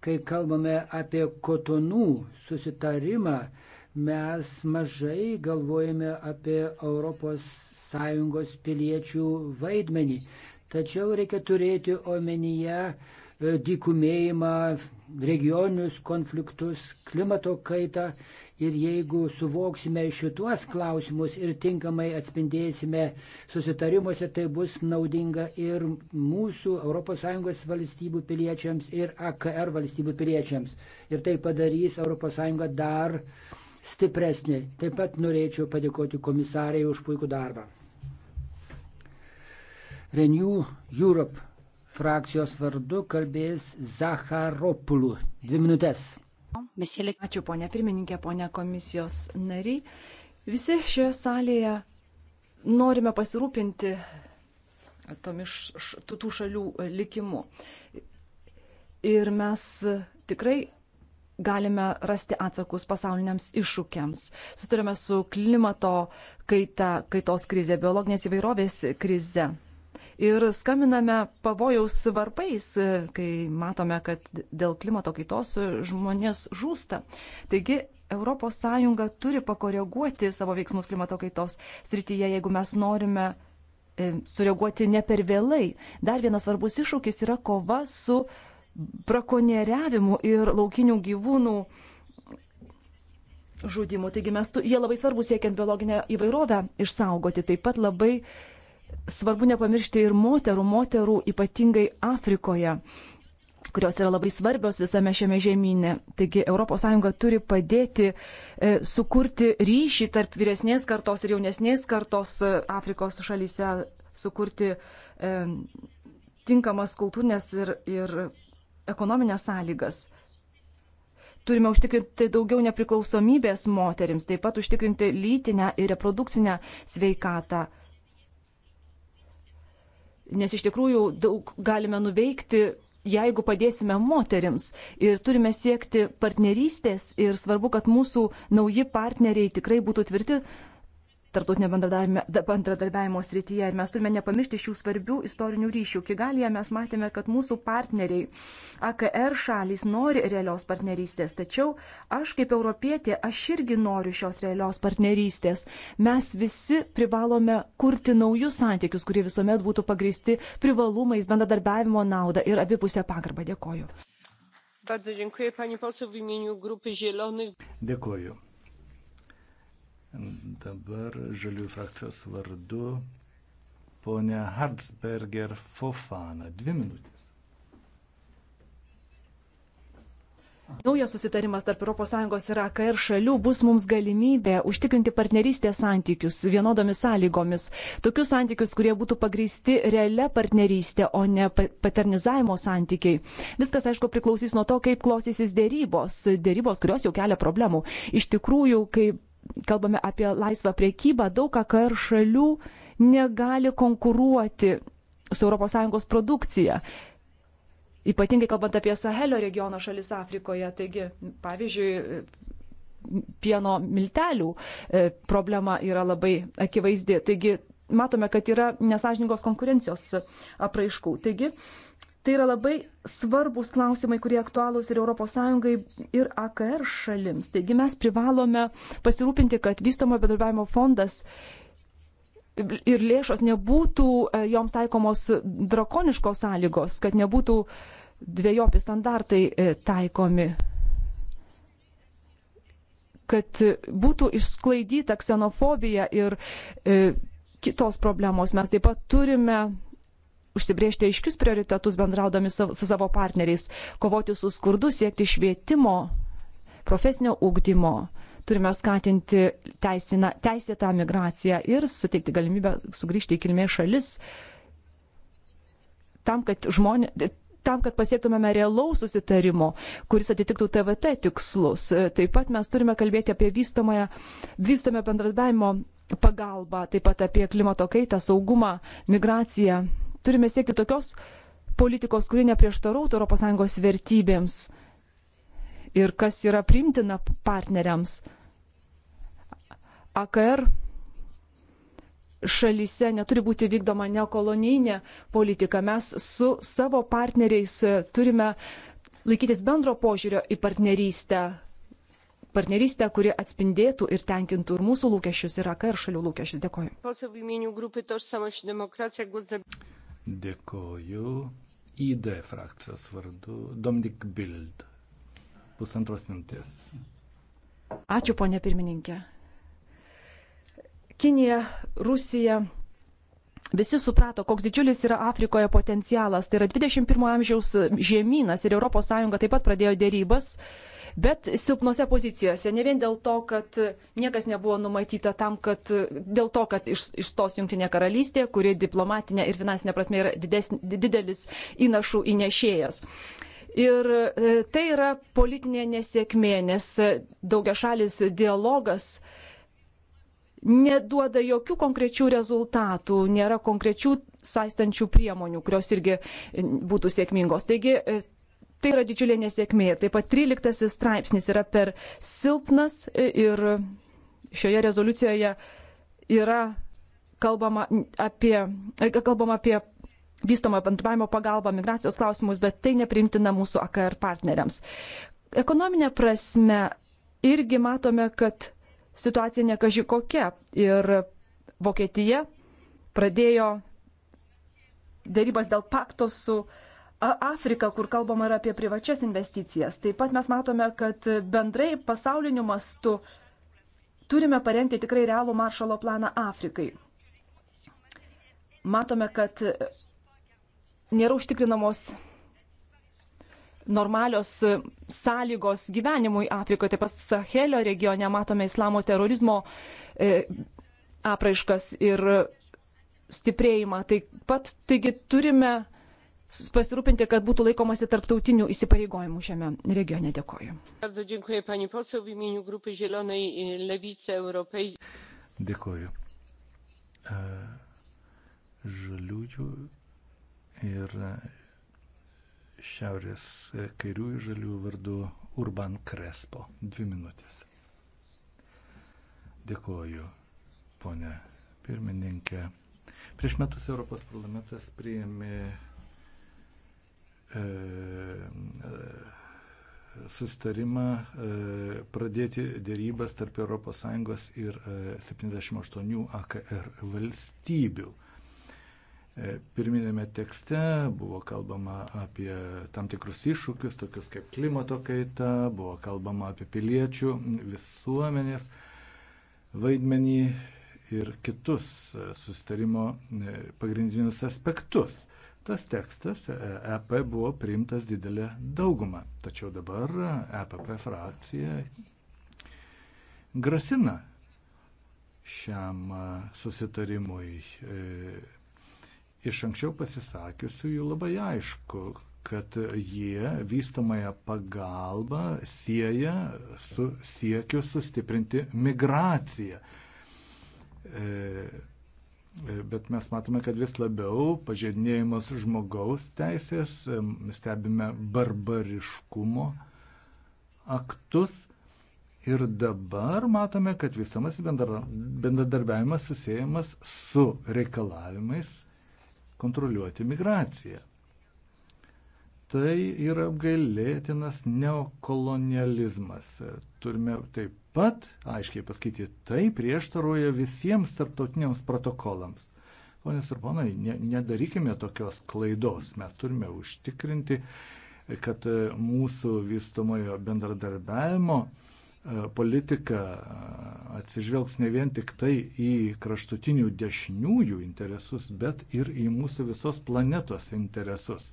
Kai kalbame apie kotonų susitarimą, mes mažai galvojame apie ES piliečių vaidmenį. Tačiau reikia turėti omenyje e, dykumėjimą, regioninius konfliktus, klimato kaitą ir jeigu suvoksime šituos klausimus ir tinkamai atspindėsime susitarimuose, tai bus naudinga ir mūsų ES valstybių piliečiams, ir AKR valstybių piliečiams. Ir tai padarys ES dar stipresnė. Taip pat norėčiau padėkoti komisariai už puikų darbą. Renew Europe frakcijos vardu kalbės Zaharopulų. Dvi minutės.
Ačiū, ponė pirmininkė, ponė komisijos nariai. Visi šioje salėje norime pasirūpinti tomis tų šalių e, likimu. Ir mes tikrai galime rasti atsakus pasauliniams iššūkiams. Sutarėme su klimato kaita, kaitos krize, biologinės įvairovės krize ir skaminame pavojaus varpais, kai matome, kad dėl klimato kaitos žmonės žūsta. Taigi ES turi pakoreguoti savo veiksmus klimato kaitos srityje, jeigu mes norime e, sureaguoti ne per vėlai. Dar vienas svarbus iššūkis yra kova su brakonieriavimu ir laukinių gyvūnų žudimu. Taigi mes, tu, jie labai svarbu siekiant biologinę įvairovę išsaugoti. Taip pat labai svarbu nepamiršti ir moterų, moterų ypatingai Afrikoje, kurios yra labai svarbios visame šiame žemynė. Taigi ES turi padėti e, sukurti ryšį tarp vyresnės kartos ir jaunesnės kartos e, Afrikos šalyse, sukurti e, tinkamas kultūrinės ir, ir ekonominės sąlygas turime užtikrinti daugiau nepriklausomybės moterims, taip pat užtikrinti lytinę ir reprodukcinę sveikatą nes iš tikrųjų daug galime nuveikti, jeigu padėsime moteriams ir turime siekti partnerystės ir svarbu, kad mūsų nauji partneriai tikrai būtų tvirti tarptautinio bendradarbiavimo srityje. Ir mes turime nepamiršti šių svarbių istorinių ryšių. Kigalyje mes matėme, kad mūsų partneriai AKR šalys nori realios partnerystės. Tačiau aš kaip europietė, aš irgi noriu šios realios partnerystės. Mes visi privalome kurti naujus santykius, kurie visuomet būtų pagristi privalumais, bendradarbiavimo naudą ir abipusę pagarbą. Dėkoju.
Dėkoju. Dabar žalių frakcijos vardu ponia Hartsberger Fofana. Dvi minutės.
Naujas susitarimas tarp ES ir AKR šalių bus mums galimybė užtikrinti partnerystės santykius vienodomis sąlygomis. Tokius santykius, kurie būtų pagristi realia partnerystė, o ne paternizavimo santykiai. Viskas, aišku, priklausys nuo to, kaip klostysis dėrybos. Dėrybos, kurios jau kelia problemų. Iš tikrųjų, kaip kalbame apie laisvą priekybą, daug AKR šalių negali konkuruoti su ES produkcija. Ypatingai kalbant apie Sahelio regiono šalis Afrikoje, taigi, pavyzdžiui, pieno miltelių e, problema yra labai akivaizdi. Taigi, matome, kad yra nesažiningos konkurencijos apraiškų. Taigi, Tai yra labai svarbus klausimai, kurie aktualūs ir ES ir AKR šalims. Taigi mes privalome pasirūpinti, kad vystomo bedarbiavimo fondas ir lėšos nebūtų e, joms taikomos drakoniškos sąlygos, kad nebūtų dviejopi standartai e, taikomi kad būtų išsklaidyta ksenofobija ir e, kitos problemos. Mes taip pat turime užsibriežti aiškius prioritetus bendraudami su savo partneriais, kovoti su skurdu, siekti švietimo, profesinio ūkdymo, turime skatinti teisina, teisėtą migraciją ir suteikti galimybę sugrįžti į kilmės šalis, tam, kad žmonės. Tam, kad pasiektumėme realaus susitarimo, kuris atitiktų TVT tikslus. Taip pat mes turime kalbėti apie vystomąją, vystomąją bendradarbiavimo pagalbą, taip pat apie klimato kaitą, saugumą, migraciją, turime siekti tokios politikos, kuri neprieštarautų ES vertybėms ir kas yra primtina partneriams. AKR šalyse neturi būti vykdoma nekolonijinė politika. Mes su savo partneriais turime laikytis bendro požiūrio į partnerystę. Partnerystę, kuri atspindėtų ir tenkintų ir mūsų lūkesčius, ir AKR šalių lūkesčius. Dėkoju.
Dėkoju. ID frakcijos vardu Dominik Bild. Pusantros minutės.
Ačiū, ponė pirmininkė. Kinija, Rusija visi suprato, koks didžiulis yra Afrikoje potencialas. Tai yra 21 amžiaus žemynas ir ES taip pat pradėjo dėrybas, bet silpnose pozicijose. Ne vien dėl to, kad niekas nebuvo numatyta tam, kad dėl to, kad iš, išstos Junktinė karalystė, kuri diplomatinė ir finansinė prasme yra didesn, didelis įnašų įnešėjas. Ir e, tai yra politinė nesėkmė, nes e, daugia šalis dialogas uh, neduoda jokių konkrečių rezultatų, nėra konkrečių saistančių priemonių, kurios irgi e, būtų sėkmingos. Taigi, e, tai yra didžiulė nesėkmė. Taip pat 13 straipsnis yra per silpnas e, ir šioje rezoliucijoje yra kalbama apie, kalbama apie vystomą bendravimo pagalbą, migracijos klausimus, bet tai neprimtina mūsų AKR partneriams. Ekonominė prasme irgi matome, kad situacija nekaži kokia. Ir Vokietija pradėjo dėrybas dėl pakto su Afrika, kur kalbama yra apie privačias investicijas. Taip pat mes matome, kad bendrai pasauliniu mastu turime parengti tikrai realų maršalo planą Afrikai. Matome, kad nėra užtikrinamos normalios e, sąlygos gyvenimui Afrikoje. Taip pat Sahelio regione matome islamo terorizmo e, apraiškas ir stiprėjimą. Taip pat, taigi turime pasirūpinti, kad būtų laikomasi tarptautinių įsipareigojimų šiame regione. Dėkoju. E,
Dėkoju. Žaliųjų ir šiaurės kairiųjų žaliųjų vardu Urban Krespo. Dvi minutės. Dėkoju, ponė pirmininkė. Prieš metus Europos parlamentas priėmė e, e, sustarimą e, pradėti dėrybas tarp ES ir e, 78 AKR valstybių. E, E, Pirminėme tekste buvo kalbama apie tam tikrus iššūkius, tokius kaip klimato kaita, buvo kalbama apie piliečių, visuomenės vaidmenį ir kitus e, sustarimo e, pagrindinius aspektus. Tas tekstas EP buvo priimtas didelę daugumą, tačiau dabar EPP frakcija grasina šiam susitarimui iš anksčiau pasisakiusiųjų labai aišku, kad jie vystomąją pagalbą sieja su siekiu sustiprinti migraciją. E, e Bet mes matome, kad vis labiau pažeidinėjimas žmogaus teisės, e, stebime barbariškumo aktus ir dabar matome, kad visamas bendradarbiavimas susijęs su reikalavimais kontroliuoti migraciją. Tai yra apgailėtinas neokolonializmas. Turime taip pat aiškiai pasakyti, tai prieštaroja visiems tarptautiniams protokolams. Ponės ir ponai, ne, nedarykime tokios klaidos. Mes turime užtikrinti, kad mūsų vystomojo bendradarbiavimo uh, E, politika e, atsižvelgs ne vien tik tai į kraštutinių dešiniųjų interesus, bet ir į mūsų visos planetos interesus.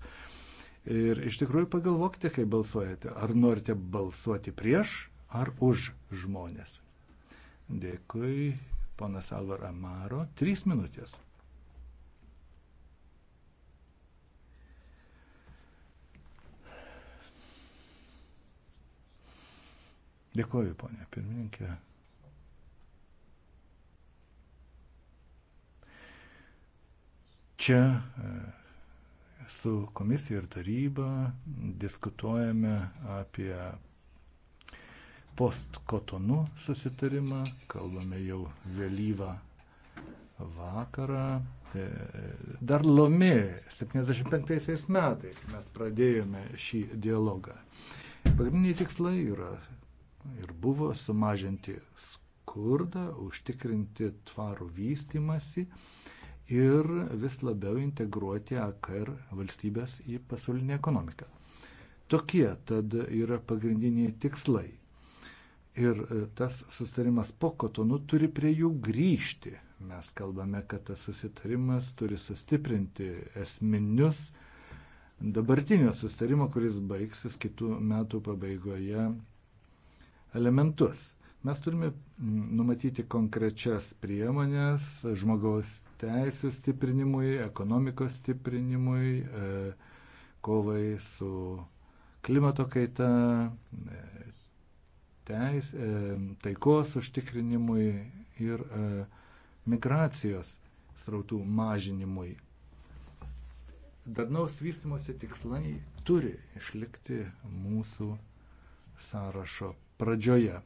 Ir iš tikrųjų pagalvokite, kai balsuojate, ar norite balsuoti prieš ar už žmonės. Dėkui, ponas Alvar Amaro. Trys minutės. Dėkuoju, ponė pirmininkė. Čia e, su komisija ir taryba diskutuojame apie postkotonų susitarimą, kalbame jau vėlyvą vakarą. E, dar Lomė 75 metais mes pradėjome šį dialogą. Pagrindiniai tikslai yra ir buvo sumažinti skurdą, užtikrinti tvarų vystimasi ir vis labiau integruoti AKR valstybės į pasaulinę ekonomiką. Tokie tad yra pagrindiniai tikslai. Ir e, tas sustarimas po kotonų turi prie jų grįžti. Mes kalbame, kad tas susitarimas turi sustiprinti esminius dabartinio sustarimo, kuris baigsis kitų metų pabaigoje elementus. Mes turime mm, numatyti konkrečias priemonės žmogaus teisų stiprinimui, ekonomikos stiprinimui, e, kovai su klimato kaita, e, teis, e, taikos užtikrinimui ir migracijos srautų mažinimui. Darnaus vystimosi tikslai turi išlikti mūsų sąrašo pradžioje.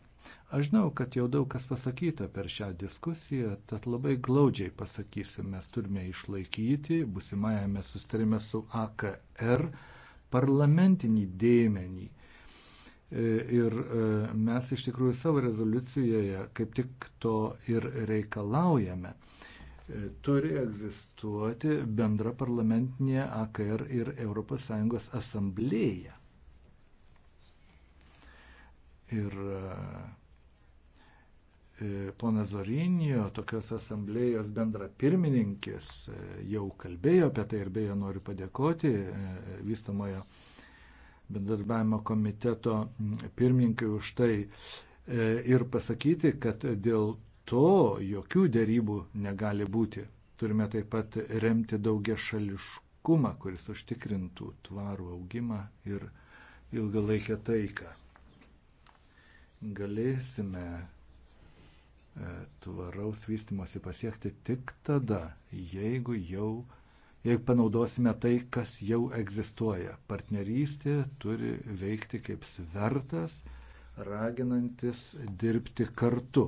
Aš žinau, kad jau daug kas pasakyta per šią diskusiją, tad labai glaudžiai pasakysiu, mes turime išlaikyti busimajame sustarime su AKR parlamentinį dėmenį. E, ir e, mes iš tikrųjų savo rezoliucijoje kaip tik to ir reikalaujame. E, turi egzistuoti bendra parlamentinė AKR ir ES asamblėja. Ir e, ponas Zorinio, tokios asamblėjos bendra pirmininkis, e, jau kalbėjo apie tai ir beje noriu padėkoti e, vystamojo bendradarbiavimo komiteto pirmininkai už tai ir pasakyti, kad dėl to jokių dėrybų negali būti. Turime taip pat remti daugia šališkumą, kuris užtikrintų tvarų augimą ir ilgalaikę taiką galėsime e, tvaraus vystimosi pasiekti tik tada, jeigu jau jeigu panaudosime tai, kas jau egzistuoja. Partnerystė turi veikti kaip svertas, raginantis dirbti kartu.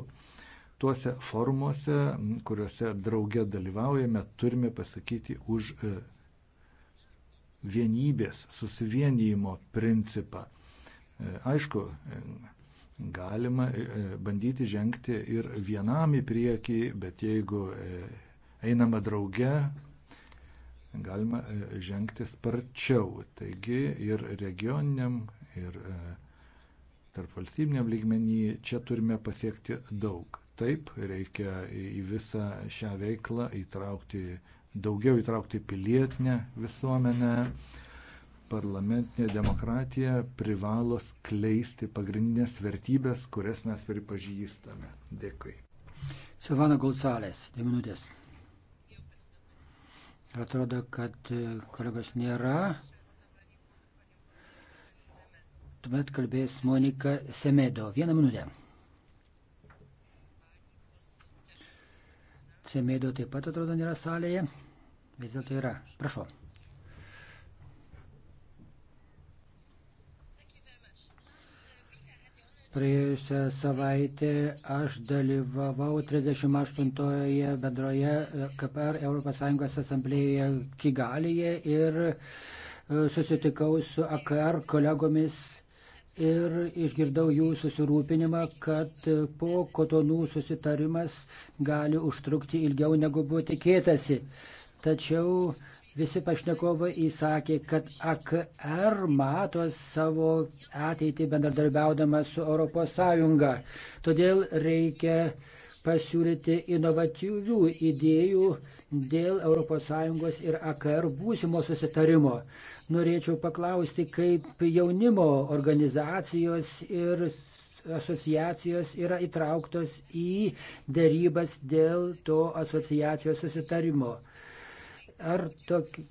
Tuose formuose, kuriuose drauge dalyvaujame, turime pasakyti už e, vienybės, susivienijimo principą. E, aišku, galima e, e, bandyti žengti ir vienam į priekį, bet jeigu e, einama drauge, galima žengti sparčiau. Taigi ir regioniniam, ir tarp valstybiniam lygmenį čia turime pasiekti daug. Taip, reikia į visą šią veiklą įtraukti, daugiau įtraukti pilietinę visuomenę, parlamentinė demokratija privalo skleisti pagrindinės vertybės, kurias mes pripažįstame. Dėkui. Silvana Gulsalės, dvi minutės.
Atrodo, kad e, kolegos nėra. Tuomet kalbės Monika Semedo. Vieną minutę. Semedo taip pat atrodo nėra salėje. Vis dėlto yra. Prašau. Praėjusią savaitę aš dalyvavau 38-oje bendroje e, KPR ES asamblėje Kigalyje ir e, susitikau su AKR kolegomis ir išgirdau jų susirūpinimą, kad e, po kotonų susitarimas gali užtrukti ilgiau negu buvo tikėtasi. Tačiau Visi pašnekovai įsakė, kad AKR mato savo ateitį bendradarbiaudama su ES. Todėl reikia pasiūlyti inovatyvių idėjų dėl ES ir AKR būsimo susitarimo. Norėčiau paklausti, kaip jaunimo organizacijos ir asociacijos yra įtrauktos į dėrybas dėl to asociacijos susitarimo. Ar tokie,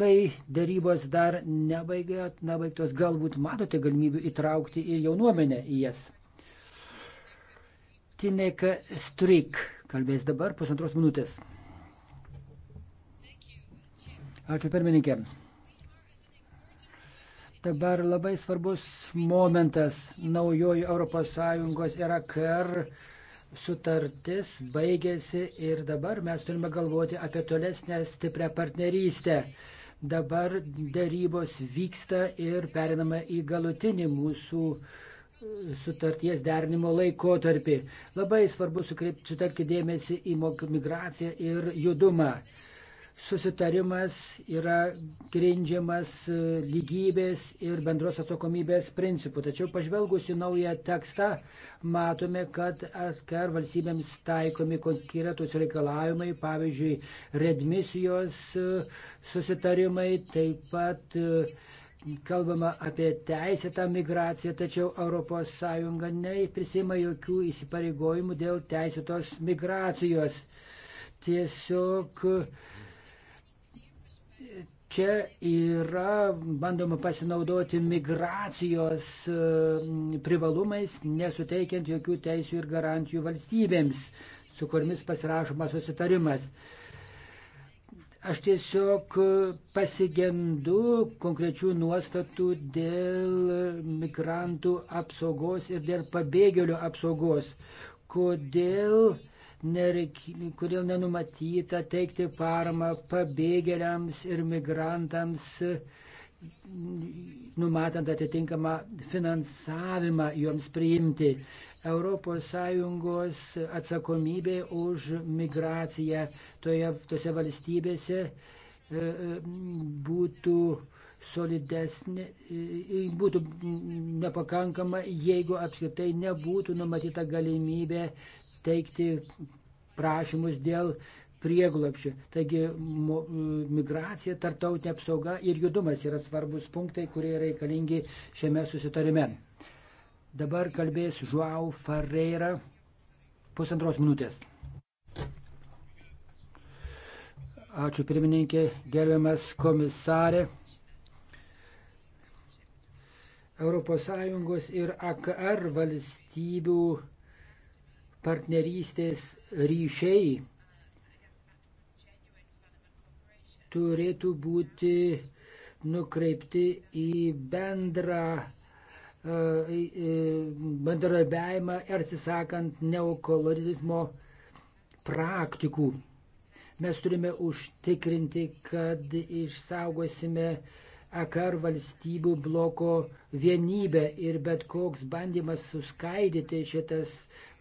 kai darybos dar nebaigėt, nebaigtos, galbūt matote galimybių įtraukti ir jaunuomenę į jas? Tineka Strik kalbės dabar pusantros minutės. Ačiū pirmininkė. Dabar labai svarbus momentas naujoji ES yra KR. Kar sutartis baigėsi ir dabar mes turime galvoti apie tolesnę stiprią partnerystę. Dabar darybos vyksta ir perinama į galutinį mūsų e, sutarties derinimo laikotarpį. Labai svarbu sutarti dėmesį į migraciją ir judumą susitarimas yra grindžiamas e, lygybės ir bendros atsakomybės principu. Tačiau pažvelgus į naują tekstą, matome, kad atskar valstybėms taikomi konkretus reikalavimai, pavyzdžiui, redmisijos e, susitarimai, taip pat e, kalbama apie teisėtą migraciją, tačiau ES neprisima jokių įsipareigojimų dėl teisėtos migracijos. Tiesiog uh, Čia yra bandoma pasinaudoti migracijos e, privalumais, nesuteikiant jokių teisių ir garantijų valstybėms, su kuriomis pasirašomas susitarimas. Aš tiesiog pasigendu konkrečių nuostatų dėl migrantų apsaugos ir dėl pabėgėlių apsaugos. Kodėl nereik, kodėl nenumatyta teikti paramą pabėgėliams ir migrantams, numatant atitinkamą finansavimą joms priimti. ES atsakomybė už migraciją toje, tose valstybėse e, e, būtų solidesnė, e, būtų nepakankama, jeigu apskritai nebūtų numatyta galimybė teikti prašymus dėl prieglopščių. Taigi migracija, tartautinė apsauga ir judumas yra svarbus punktai, kurie reikalingi šiame susitarime. Dabar kalbės Žuau Ferreira pusantros minutės. Ačiū pirmininkė, gerbiamas komisarė. ES ir AKR valstybių partnerystės ryšiai turėtų būti nukreipti į bendrą e, e, bendradarbiavimą ir atsisakant neokolonizmo praktikų. Mes turime užtikrinti, kad išsaugosime akar valstybių bloko vienybę ir bet koks bandymas suskaidyti šitas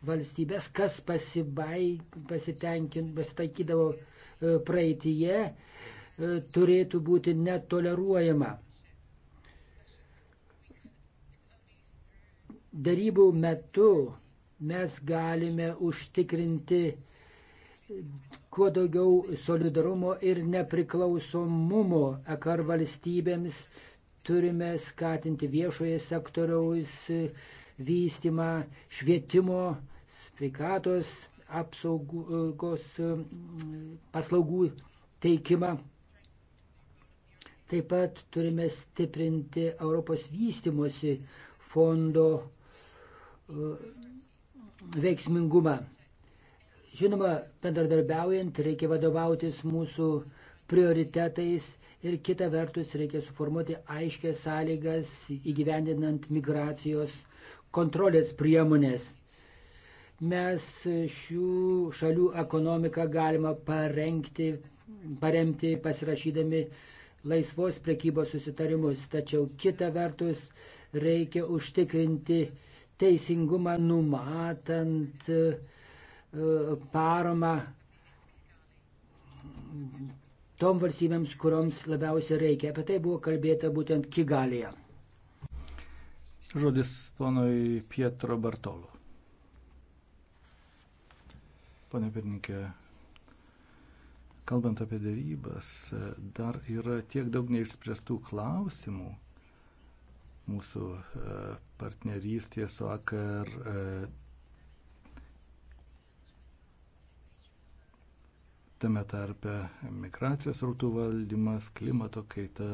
valstybės, kas pasitaikydavo e, praeitie, e, turėtų būti netoleruojama. Darybų metu mes galime užtikrinti kuo daugiau solidarumo ir nepriklausomumo ekar valstybėms, turime skatinti viešoje sektoriaus vystimą, švietimo, sveikatos apsaugos paslaugų teikimą. Taip pat turime stiprinti Europos vystimosi fondo e, veiksmingumą. Žinoma, bendradarbiaujant reikia vadovautis mūsų prioritetais ir kita vertus reikia suformuoti aiškės sąlygas įgyvendinant migracijos kontrolės priemonės. Mes šių šalių ekonomiką galima parengti, paremti pasirašydami laisvos prekybos susitarimus, tačiau kita vertus reikia užtikrinti teisingumą numatant uh, paramą tom valstybėms, kuriuoms labiausiai reikia. Apie tai buvo kalbėta būtent Kigalėje.
Žodis ponui Pietro Bartolo. Pane pirmininkė, kalbant apie dėrybas, dar yra tiek daug neišspręstų klausimų mūsų e, partnerystė su AKR e, tame tarpe migracijos rautų valdymas, klimato kaita,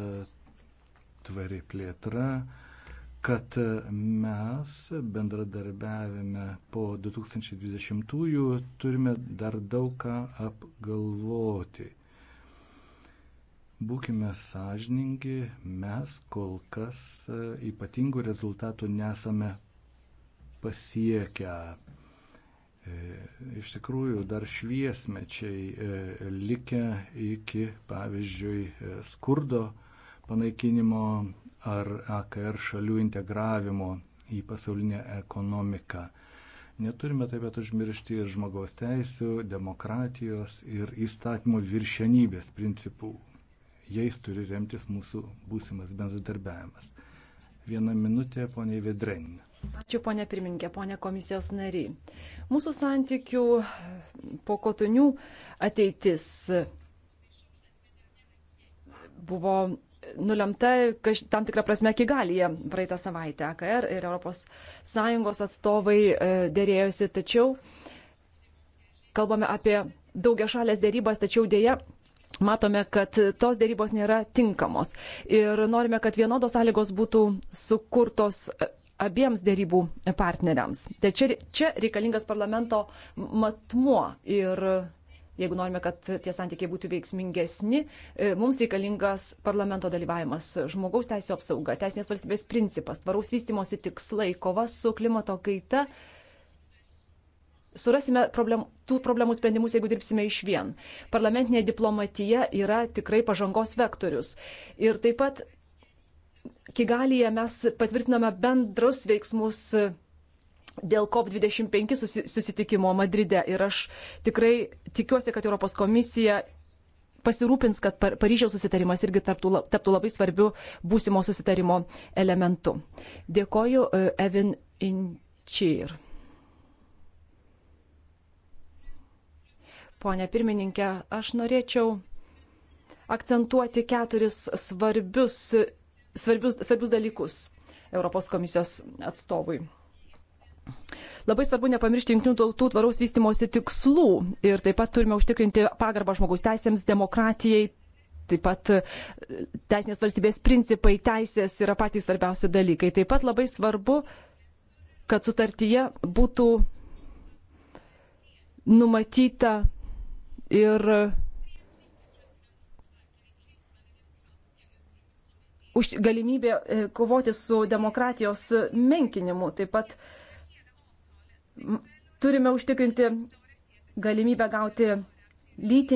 tvari plėtra, kad mes bendradarbiavime po 2020-ųjų turime dar daug ką apgalvoti. Būkime sąžiningi, mes kol kas e, ypatingų rezultatų nesame pasiekę E, iš tikrųjų dar šviesmečiai e, likę iki, pavyzdžiui, e, skurdo panaikinimo ar AKR šalių integravimo į pasaulinę ekonomiką. Neturime taip pat užmiršti ir žmogaus teisų, demokratijos ir įstatymų viršenybės principų. Jais turi remtis mūsų būsimas bendradarbiavimas. Vieną minutę, poniai Vedrenin.
Ačiū, ponė pirmininkė, ponė komisijos nariai. Mūsų santykių po kotonių ateitis buvo nulemta kaž, tam tikrą prasme Kigalyje praeitą savaitę. AKR ir ES atstovai e, dėrėjosi, tačiau kalbame apie daugia šalės dėrybas, tačiau dėja. Matome, kad tos dėrybos nėra tinkamos ir norime, kad vienodos sąlygos būtų sukurtos abiems dėrybų partneriams. Tai čia, čia reikalingas parlamento matmuo ir jeigu norime, kad tie santykiai būtų veiksmingesni, e, mums reikalingas parlamento dalyvavimas, žmogaus teisų apsauga, teisinės valstybės principas, tvaraus vystimosi tikslai, kova su klimato kaita. Surasime problem, tų problemų sprendimus, jeigu dirbsime iš vien. Parlamentinė diplomatija yra tikrai pažangos vektorius. Ir taip pat Kigalyje mes patvirtinome bendrus veiksmus dėl COP25 susitikimo Madride ir aš tikrai tikiuosi, kad Europos komisija pasirūpins, kad Paryžiaus susitarimas irgi taptų labai svarbiu būsimo susitarimo elementu. Dėkoju e, Evin Inčir. Pone pirmininkė, aš norėčiau akcentuoti keturis svarbius svarbius, svarbius dalykus Europos komisijos atstovui. Labai svarbu nepamiršti jungtinių tautų tvaraus vystimosi tikslų ir taip pat turime užtikrinti pagarbą žmogaus teisėms, demokratijai, taip pat e, teisinės valstybės principai, teisės yra patys svarbiausi dalykai. Taip pat labai svarbu, kad sutartyje būtų numatyta ir už galimybė e, kovoti su demokratijos menkinimu. Taip pat turime užtikrinti galimybę gauti lytinį.